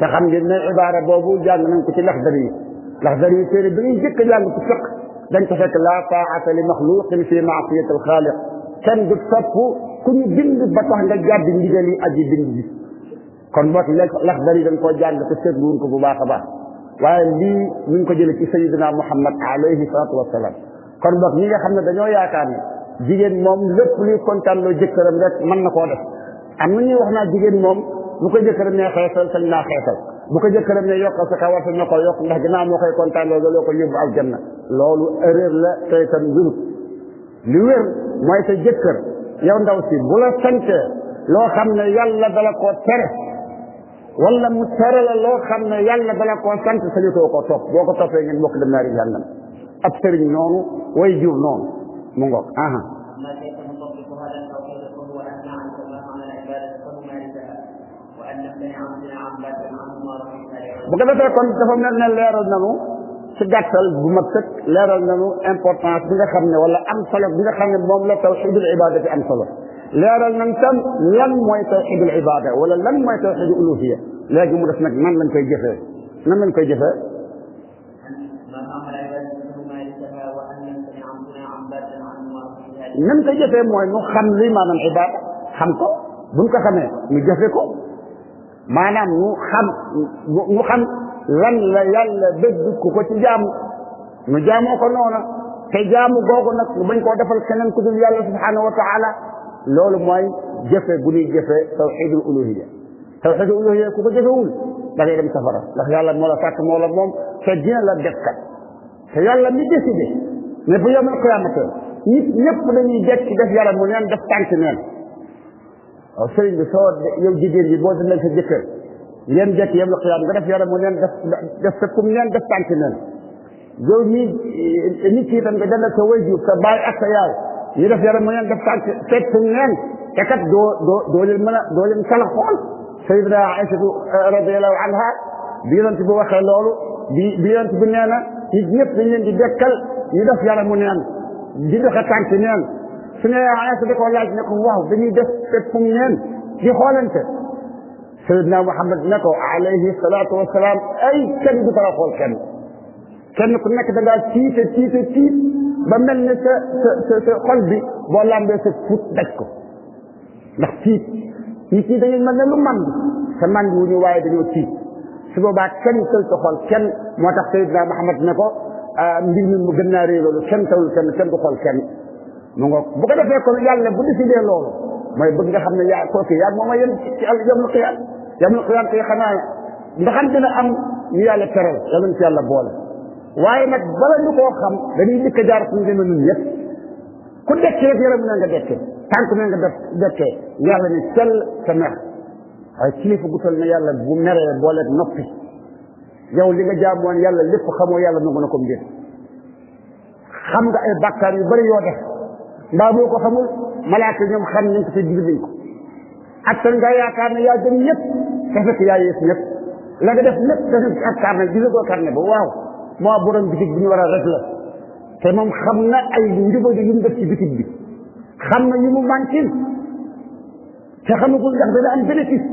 تخم جنة عبارة بابو جان من كتل لخذري لخذري سير بني جك جان كتلق دان تشك لا طاعة لمخلوق في معصية الخالق كم دتصف كن دين بطه نجل نجل أجي دين جي كن بطه لخذري دان كو جان كتلق نون كبو باقبا waaye lii ñu ngi ko jële ci sayyidina muhammad alayhi salaatu wasalaam kon boog ñi nga xam ne dañoo yaakaar ne jigéen moom lépp luy kontaan loo jëkkëram rek mën na koo def am na ñuy wax naa jigéen moom bu ko jëkkëram ne xeesal sañ naa xeesal ko jëkkëram ne yokkal sa kawar sañ na ko yokk ndax ginnaaw moo koy kontaan loolu loo ko yóbbu aljanna loolu erreur la tey tan wérut li wér mooy sa jëkkër yow ndaw si bu la sante loo xam ne yàlla dala koo tere wala mu tere la loo xam ne yàlla dala ko sant sañutoo ko topp boo ko toppee ngeen bokk dem naari jànnam ab sëriñ noonu way jur noonu mu ngoog aha bu ko defee kon dafa mel ne leeral nanu ci gàttal bu mag sëkk leeral nanu importance bi nga xam ne wala am solo bi nga xam ne moom la tawxidul ibadati am solo leeral nañ tam lan mooy tawxidul ibada wala lan mooy tawxidul uluhiya léegi mu def nag nan lañ koy jëfee nan lañ koy jëfee nan koy jëfee mooy nu xam li maanaam ibada xam ko buñ ko xamee ñu jëfe ko maanaam ñu xam ñu xam lan la yàlla dëgg ku ko ci jaamu ñu jaamoo ko noona te jaamu googu nag ñu bañ koo defal keneen ku dul yàlla subhanahu wa taala لول ماي جفة بني جفة توحيد الألوهية توحيد الألوهية كوبا جفول بغير مسافرة لك يالا مولا فاتح مولا بوم فجينا لدكا فيالا مجسده نبو يوم القيامة نيب نيب لني جات كده في عالم مليان دف تانك نان أو سرين بصور يوم جدير يبوز من الفجكر يوم جات يوم القيامة كده في عالم مليان دف دف تكم نان دف تانك نان جو نيب نيب كده من قدرنا سويه يبقى باي أكسيال ñu def yaram mu neen def tànk fekkum neen te kat doo doo doo leen mën a doo leen kala xool sayidina aïsatu radiallahu anha bi yonent bi waxee loolu bi bi yonent bi nee na nit ñëpp dañ leen di dekkal ñu def yaramu neen di doxe tànk neen su ne aïsa da ko laaj ne ko waaw dañuy def fekkum neen di xoolante sayidina muhammad ne ko alayhi salatu wasalaam ay kenn du kala xool kenn kenn ku nekk da ngaa tiite tiite tiit ba mel ne sa sa xol bi boo lambee sa fut daj ko ndax tiit nit ñi dañuy mel ne lu mànd te mànd wu ñu waaye dañoo tiit su boobaa kenn tël sa xol kenn moo tax Seydina Muhammad ne ko ah, mbir mi mu gën naa réer loolu kenn tawul kenn kenn du xool kenn mu ngoog bu ko defee kon yàlla bu décidé loolu mooy bëgg nga xam ne yaa kooku yaa mooma yem ci àll yom lu xiyaat yom lu xiyaat koy xanaa ndaxam dina am ñu yàlla teral yàlla ci yàlla boole waaye nag bala ñu koo xam dañuy dikk jaar fu ñu demee ñun ku dekkee rek yaram na nga dekkee tànk na nga dekkee yàlla ne sell sa mer waaye kilifa gu toll na yàlla bu meree boole noppi yow li nga jaamoon yàlla lépp xamoo yàlla nangu na ko mbir xam nga ay bàkkaar yu bari yoo def mbaa ko xamul malaaka ñoom xam nañ ko te digg nañ ko attan nga yaa jëm ñëpp yaa yees ñëpp la nga def lépp te fekk ak carnet gisagoo carnet ba waaw moo borom bitig bi ñu war a rek la te moom xam na ay njubadi yu mu def ci bitig bi xam na yu mu manqué te xamagul ndax dana am bénéfice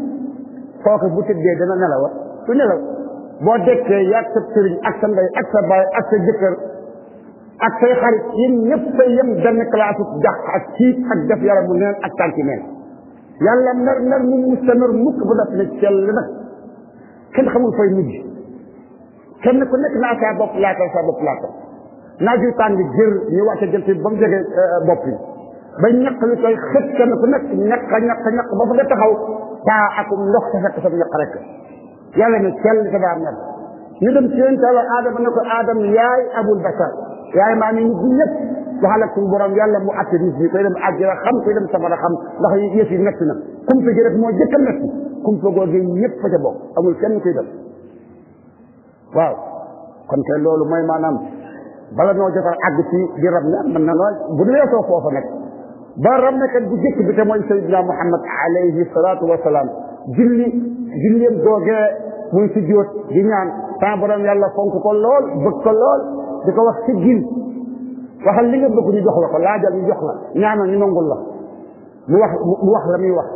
kooku bu tëddee dana nelawa du nelaw boo dekkee yaag sa sëriñ ak sa ndey ak sa baay ak sa jëkkër ak say xarit yéen ñëpp a yem benn classe jax ak ciit ak def yaramu neen ak tànki neen yàlla nar nar mu musta nar mukk ba daf ne cell nag kenn xamul fay mujj kenn ku nekk naa saa bopp laatal saa bopp laatal naaj yu tàng jër ñu wàcce jël ci ba mu jógee bopp yi ba ñaq li koy xët kenn ku nekk ñaq ñaq ñaq ba fa nga taxaw taa akum ndox sa fekk sa ñaq rek yàlla ne sell sa daa mel ñu dem ci yéen tala aadama ne ko aadam yaay abul basar yaay maa ngi ñu ñëpp waxal ak suñu borom yàlla mu atte nit ñi koy dem àjjira xam koy dem safara xam ndax yëf yi metti na kumpa gi rek moo jëkk a metti kumpa googu yëpp fa ca bokk amul kenn koy dem waaw kon te loolu mooy maanaam bala noo jotal àgg ci di rab na mën na bu ñu weesoo foofu nag ba rab na kat bu jëkk bi te mooy sayyidina Muhammad alayhi salaatu wa salaam julli julleem googee yàlla fonk ko lool di ko wax siggil waxal li nga jox la ko laajal ñu jox la ñaanal ñu nangul la mu wax mu wax la muy wax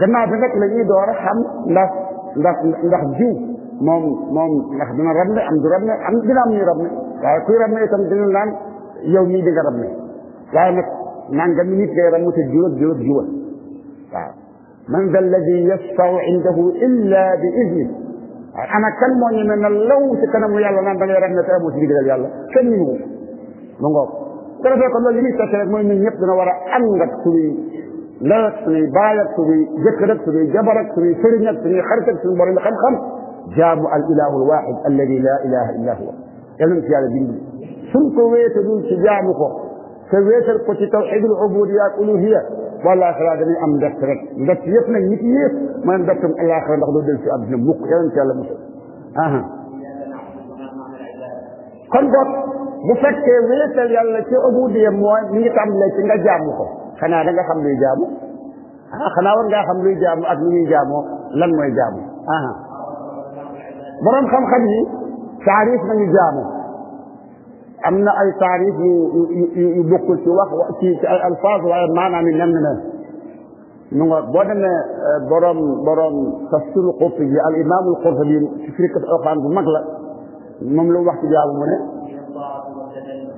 gannaaw bi nag la ñuy door ndax jiw mom mom ndax dina rabbe am du rabbe am dina am ni rabbe waye waaye kuy rab itam dina nan yow mii diga rabbe waye nak waaye nag naan nit ngay rab te jiw ak jiw ak jiw waaw man dal ladhi yashfau indahu illa bi izni ana kan mo ni ne na law si kanamu yàlla nan dalay rabbe rab ne te amoo si ndigalal yàlla kenn ñu ko mu ngoog su defee kon loolu li muy sotti rek mooy dina wara a ànd ak suñuy ndaw ak suñuy baay ak suñuy jëkkër ak suñuy jabar ak suñuy sëriñ ak xarit suñu borom xam-xam جابوا الإله الواحد الذي لا إله إلا هو يلم في هذا الدين سن كويت دون سجامكو كويت القت توحيد العبودية الألوهية والله خلا دني أم دكترك دكتيف نك نيتيف ما دكتم الله اخر نقضوا دل في أبن مك يلم في هذا مسلم أها kon boog bu fekkee wéetal في ci ubudiya mooy mi ngi tàmbalee ci nga jaamu ko xanaa da nga xam luy jaamu ah xanaa war ngaa برام خم خدي تعريف من جامع أمنا أي تعريف يبقل في وقت في ألفاظ ومعنى من لمنا نقول بدنا برام برام تفسير القرطبي الإمام القرطبي في فرقة أخرى في مغلق مملو وقت جاب منا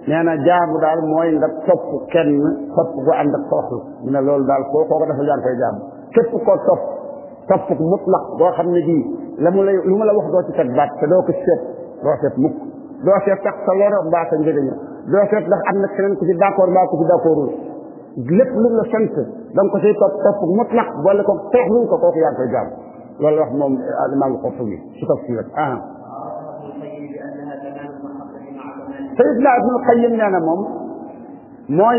نانا جاب دار موي دا توف كين توف عندك توف من لول دار كو كو دا فجان في جاب كيف كو توف topp mutlaq boo xam ne bii la mu lay lu ma la wax doo ci teg baat te doo ko seet doo seet mukk doo seet tax sa loro mbaa sa njëriñ doo seet ndax am na keneen ku ci d'accord mbaa ku ci d'accordul lépp lu la sant da nga ko ciy topp topp mutlaq boole ko teexlu ko kooku yaa ngi koy jaam loolu wax moom alimaam Qurtubi su tafsir ah Sayyidna Ibnul Qayyim nee na moom mooy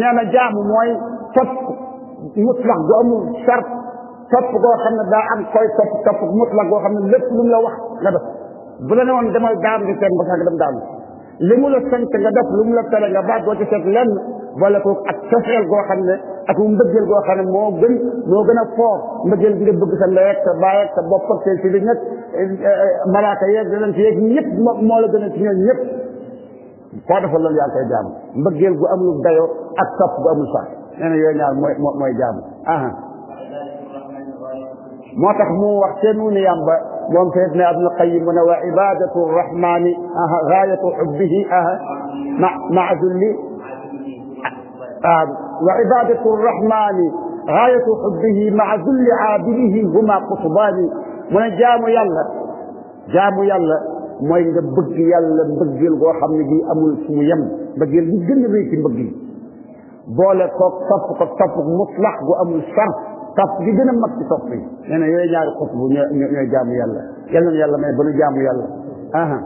nee na jaamu mooy topp mutlaq gu amul charte topp goo xam ne daa am koy topp topp mutlak goo xam ne lépp lu mu la wax nga def bu la ne woon demal daam seen ba sax nga dem daam li mu la sant nga def lu mu la tere nga baax doo ci seet lenn boole ko ak cofeel goo xam ne ak mu mbëggeel goo xam ne moo gën moo gën a foor mbëggeel bi nga bëgg sa ndey ak sa baay ak sa bopp ak seen si li ñett malaaka yeeg danañ si yeeg ñëpp moo la gën a si ñoom ñëpp koo defal loolu yaa ngi koy jaam mbëggeel gu amul dayo ak topp gu amul sax mooy mooy jaam ما تخمو وقتنو نيامبا وان سيدنا ابن القيم ونوى عبادة الرحمن أه غاية حبه أه مع, مع ذلي وعبادة الرحمن غاية حبه مع ذل عابده هما قطبان من جامو يلا جامو يلا ما يبقى يلا بقى الغوحة من جي أمول سمو يم بقى يلا بقى يلا بقى يلا بقى يلا بقى يلا بقى يلا sopp gi gën a mag ci sopp yi yooyu ñaari xos bu ñooy jaamu yàlla yal nañu yàlla may ba nu jaamu yàlla aha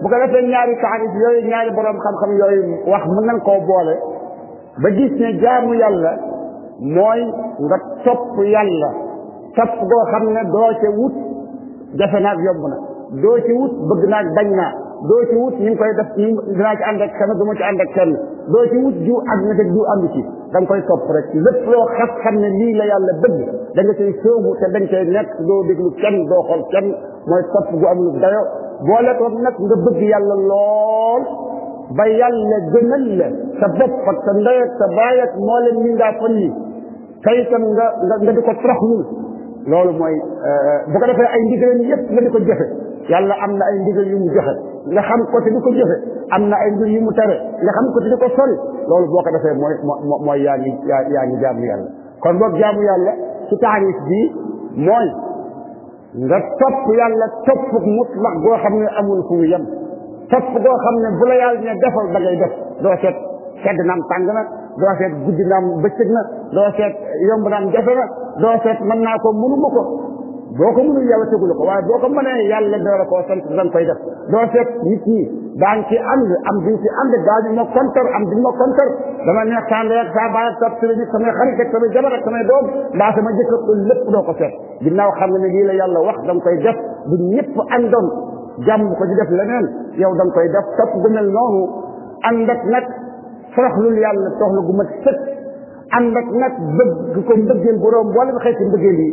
bu ko defee ñaari taarif yooyu ñaari borom xam-xam yooyu wax mën nañ koo boole ba gis ne jaamu yàlla mooy nga topp yàlla topp goo xam ne doo ca wut jafe naag yomb na doo ca wut bëgg naag bañ naa doo ci wut ni koy def ni dinaa ci ànd ak kenn du ma ci ànd ak kenn doo ci wut jiw ak na diw ànd ci da nga koy topp rek lépp loo xas xam ne lii la yàlla bëgg da nga cay sóobu te da nga cay nekk doo déglu kenn doo xool kenn mooy topp gu am lu dayo boole ko nag nga bëgg yàlla lool ba yàlla gënal la sa bopp ak sa ndey ak sa baay ak moo leen ni ngaa fan yi tey itam nga nga nga di ko troxlul loolu mooy bu ko defee ay ndigaleen yépp nga di ko jëfe yàlla am na ay ndigal yu mu joxe nga xam côté di ko jëfe am na ay mbir yu mu tere nga xam côté di ko sori loolu boo ko defee mooy mooy yaa ngi yaa ngi jaamu yàlla kon boog jaamu yàlla ci taarif bi mooy nga topp yàlla topp mutlaq goo xam ne amul fu mu yem topp goo xam ne bu la yàlla ne defal da def doo seet sedd naam tàng na doo seet guddi naam bëccëg na doo seet yomb naam jafe na doo seet mën naa ko mënuma ko boo ko mënul yàlla tegul ko waaye boo ko mënee yàlla door a koo sant danga koy def doo fekk nit ñi daan ci ànd am duñ ci ànd daañu ma kontor am duñ ma kontor dama neex saa ndey ak saa baay ak saa sëriñ ak samay xarit ak samay jabar ak samay doom mbaa sama jëkkër loolu lépp doo ko fekk ginnaaw xam nga ne lii la yàlla wax danga koy def bu ñëpp àndoon jàmm ko ci def leneen yow danga koy def topp gu mel noonu ànd ak nag soxlul yàlla soxla gu mat sëkk ànd ak nag bëgg ko mbëggeel borom wala xeeti mbëggeel yi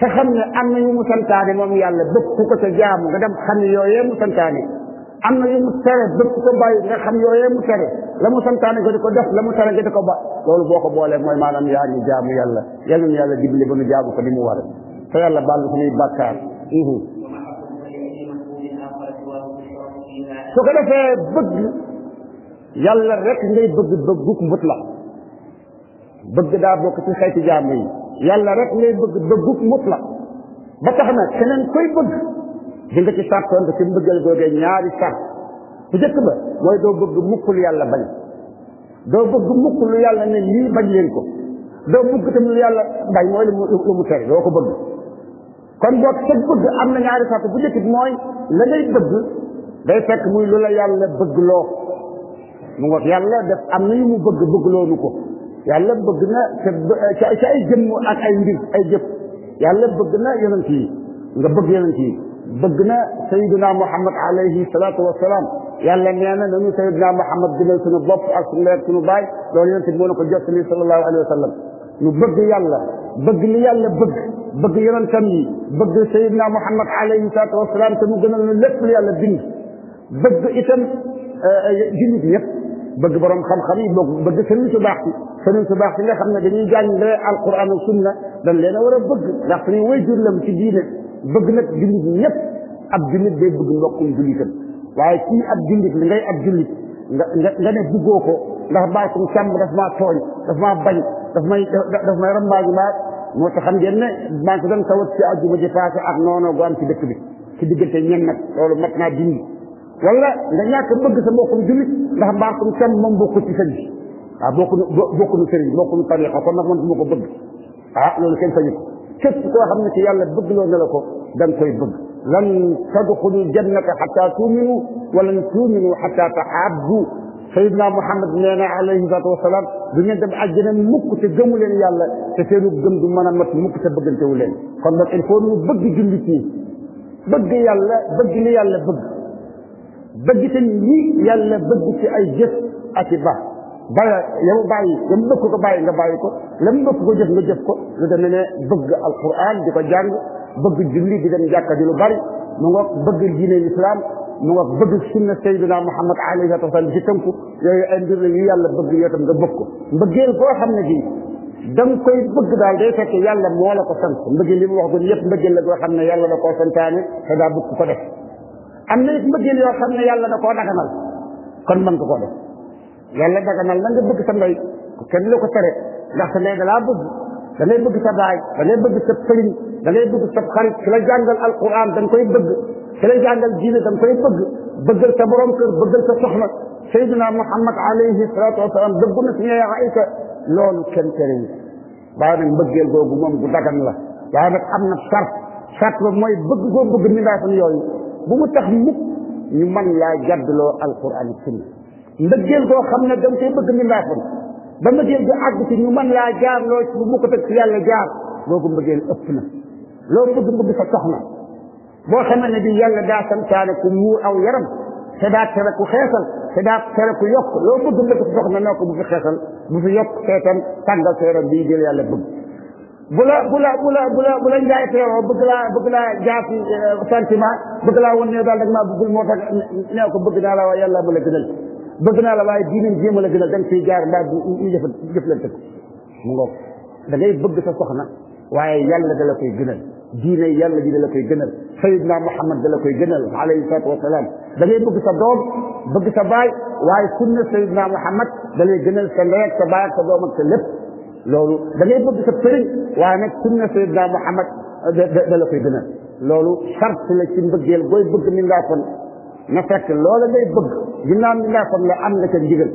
te xam ne am na yu mu santaane moom yàlla bëgg ku ko sa jaamu nga dem xam ne yooyee mu santaane am na yu mu tere bëgg ko bàyyi nga xam yooyee mu tere la mu santaane nga di ko def la mu tere nga di ko ba loolu mooy maanaam yaa ngi jaamu yàlla yal nañu yàlla dimbali ko ni mu war yàlla baal suñuy bàkkaar su ko defee bëgg yàlla rek ngay bëgg bëgguk mbut la bëgg daa bokk ci xeeti jaamu yi yàlla rek ngay bëgg bëggub mutlaq ba tax na keneen koy bëgg di nga ci sartoon te ci mbëggal googee ñaari sart bu jëkk ba mooy doo bëgg mukk lu yàlla bañ doo bëgg mukk lu yàlla ne lii bañ leen ko doo bëgg tam lu yàlla bañ mooy lu mu lu doo ko bëgg kon boo sa bëgg am na ñaari sart bu jëkk mooy la ngay bëgg day fekk muy lu la yàlla bëgg loo mu ngoog yàlla def am na yu mu bëgg bëgg loonu ko yàlla bëgg na sa sa ay jëmm ak ay mbir ay jëf yàlla bëgg na yonent yi nga bëgg yonent yi bëgg na sayidina muhammad alayhi salaatu wasalaam yàlla nee na nañu sayidina muhammad gënal suñu bopp ak suñu leer suñu baay loolu yonent bi moo na ko jottali sallallahu alayhi wa sallam ñu bëgg yàlla bëgg li yàlla bëgg bëgg yonentam yi bëgg sayidina muhammad alayhi salaatu wasalaam te mu gënal na lépp li yàlla bind bëgg itam jullit yëpp bëgg borom xam-xam yi bëgg sëriñ su baax si sëriñ su baax si nga xam ne dañuy jàngale alquran ak sunna dañ leen a war a bëgg ndax suñu wayjur lam ci diine bëgg nag jullit ñëpp ab jullit day bëgg mbokkum jullitam waaye kii ab jullit li ngay ab jullit nga nga ne bëggoo ko ndax baatum sàmm daf maa tooñ daf maa bañ daf may daf may rambaaji baa moo tax xam ngeen ne maa ngi ko doon tawat ci àjjuma ji passé ak noonu gu ci dëkk bi ci diggante ñen nag loolu mat naa wala nga ñàkk bëgg sa mbokkum jullit ndax mbaatum sàmm moom bokku ci sëñ bokku bokkuñu bokkuñu sëriñ ñu tariqa kon nag man du ko bëgg ah loolu kenn sañu ko képp koo xam ci yàlla bëgg loo ne la ko da koy bëgg lan tadxulu jannata xata tuuminu wala tuuminu xata taxaabdu sayidna muhammad nee alayhi salaatu wasalaam du ngeen dem àjjana mukk te gëmu leen yàlla te seenu gëm du mën mat mukk te bëggantewu leen kon nag il faut ñu bëgg jullit ñi bëgg yàlla bëgg li yàlla bëgg bëgg te ni yàlla bëgg ci ay jëf ak i bala ya mu bàyyi ya mu bëgg ko bàyyi nga bàyyi ko la mu bëgg ko jëf nga jëf ko lu demee ne bëgg alquran di ko jàng bëgg julli bi dem jàkka di lu bari mu ngoog bëgg diine islam mu ngoog bëgg sunna sayyidina muhammad alayhi wa sallam ci tënku yooyu ay mbir la bëgg yoo tam nga bëgg ko mbëggeel boo xam ne bii da nga koy bëgg daal day fekk yàlla moo la ko sant mbëggeel li mu wax gon yëpp mbëggeel la goo xam ne yàlla da koo santaane te daa bëgg ko def am na it mbëggeel yoo xam ne yàlla da koo daganal kon mën nga ko def yàlla daganal na nga bëgg sa ndey kenn la ko tere ndax sa ndey da laa bëgg da ngay bëgg sa baay da ngay bëgg sa sëriñ da ngay bëgg sa xarit ki la jàngal alquran da nga koy bëgg ki la jàngal diine da nga koy bëgg bëggal sa borom kër bëggal sa soxna sayyidina muhammad alayhi salatu wasalaam dëggu na si ñee aysa loolu kenn tere yi waaye nag mbëggeel googu moom gu dagan la waaye nag am na sart sart ba mooy bëgg goo bëgg mi ndaa fan yooyu bu mu tax mukk ñu man laa jaddloo alquran ak sunna mbëggeel goo xam ne dam tey bëgg mi mbaaxam ba mbëggeel gu àgg ci ñu laa jaar loo ci bu mu ko teg ci yàlla jaar googu mbëggeel ëpp na soxna boo xamee ne bi yàlla daa santaane ku muur aw yaram te daa tere ku xeexal te daa tere ku yokk loo bëgg nga na fa soxna noo ko bu fi xeesal bu fi yokk seetam tàngal sa yaram bii jël yàlla bëgg bu la bu la bu la bu la bu la njaay teeroo bëgg laa bëgg laa jaasi euh, sentiment bëgg laa woon ne daal dag maa moo tax nee ko bëgg naa la waaye yàlla ma la gënal bëgg naa la waaye diineem jéem a la gënal dañ ciy jaar mbaa ñu jëf jëflante ko mu ngoog da ngay bëgg sa soxna waaye yàlla da la koy gënal diine yàlla ji da la koy gënal sayidna muhammad da la koy gënal alayhi salaatu wasalaam da ngay bëgg sa doom bëgg sa baay waaye sunna sayidna muhammad da lay gënal sa ndey ak sa baay ak sa doom ak sa lépp loolu da ngay bëgg sa përiñ waaye nag sunna sayidna muhammad da da la koy gënal loolu charte la ci mbëggeel booy bëgg mi ngaa kon na fekk loola ngay bëgg ginnaaw bi ngaa xam am nga ca ndigal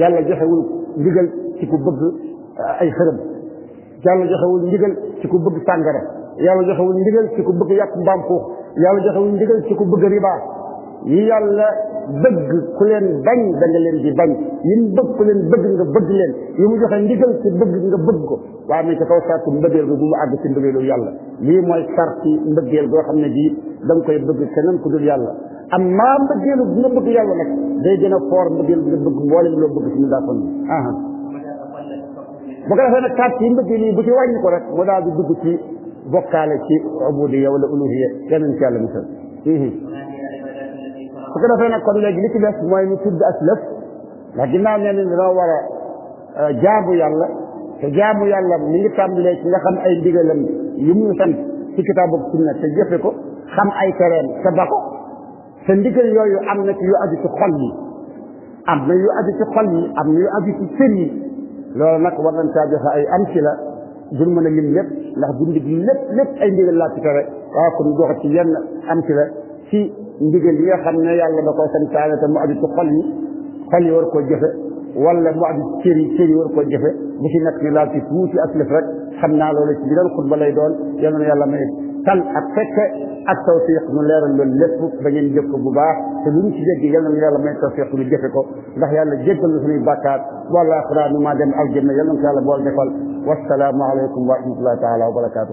yàlla joxewul ndigal ci ku bëgg uh, ay xërëm yàlla joxewul ndigal ci ku bëgg sàngara yàlla joxewul ndigal ci ku bëgg yàpp mbaam yàlla joxewul ndigal ci ku bëgg riba yi yàlla bëgg ku leen bañ da nga leen di bañ yi mu bëgg leen bëgg nga bëgg leen yi mu joxe ndigal ci bëgg nga bëgg ko waaye mais ci kaw sartu mbëggeel nga bu mu àgg ci mbëggeelu yàlla lii mooy sarti mbëggeel goo xam ne bii da nga koy bëgg keneen ku dul yàlla am naa mbëggeelu bi nga yàlla nag day gën a foor mbëggeel bi nga bëgg mboolem loo bëgg si ñu daa kon bu ko defee nag carte yi mbëggeel yi bu ci wàññi rek mu daal di dugg ci bokkaale ci ubudiya wala ci yàlla bu ko defee nag kon léegi mooy ñu tudd as lëf ginnaaw nee nañ dañoo war a euh, jaamu yàlla te jaamu yàlla mi ngi tàmbalee ci nga xam ay ndigalam yu mu sant ci kitaabu sunna te jëfe ko xam ay tereem te te ndigal yooyu am na ci yu aju ci xol am na yu aju ci xol am na yu aju ci cër yi loolu nag war nañ caa joxe ay am ci la duñ mën a lim lépp ndax dundi gi lépp lépp ay ndigal laa ci tere waaw kon dox ci yenn am ci la ci ndigal yi nga xam ne yàlla da koo santaane te mu aju ci xol yi xol yi war koo jëfe wala mu aju ci cër yi war koo jëfe bu ci nekk ñu laal ci tuuti aslif rek xam naa loolu ci biir xutba lay doon yal na yàlla may tal ak fekke ak tawfiq mu leeral loolu lépp ba ngeen jëf ko bu baax te lu ñu ci dégg yal nañu yàlla may tawfiq ñu jëfe ko ndax yàlla jéggal na suñuy bàkkaar wala xalaat nu maa dem aljanna yal nañu ko yàlla bool defal wasalaamu aleykum wa rahmatullahi taala wa barakaatu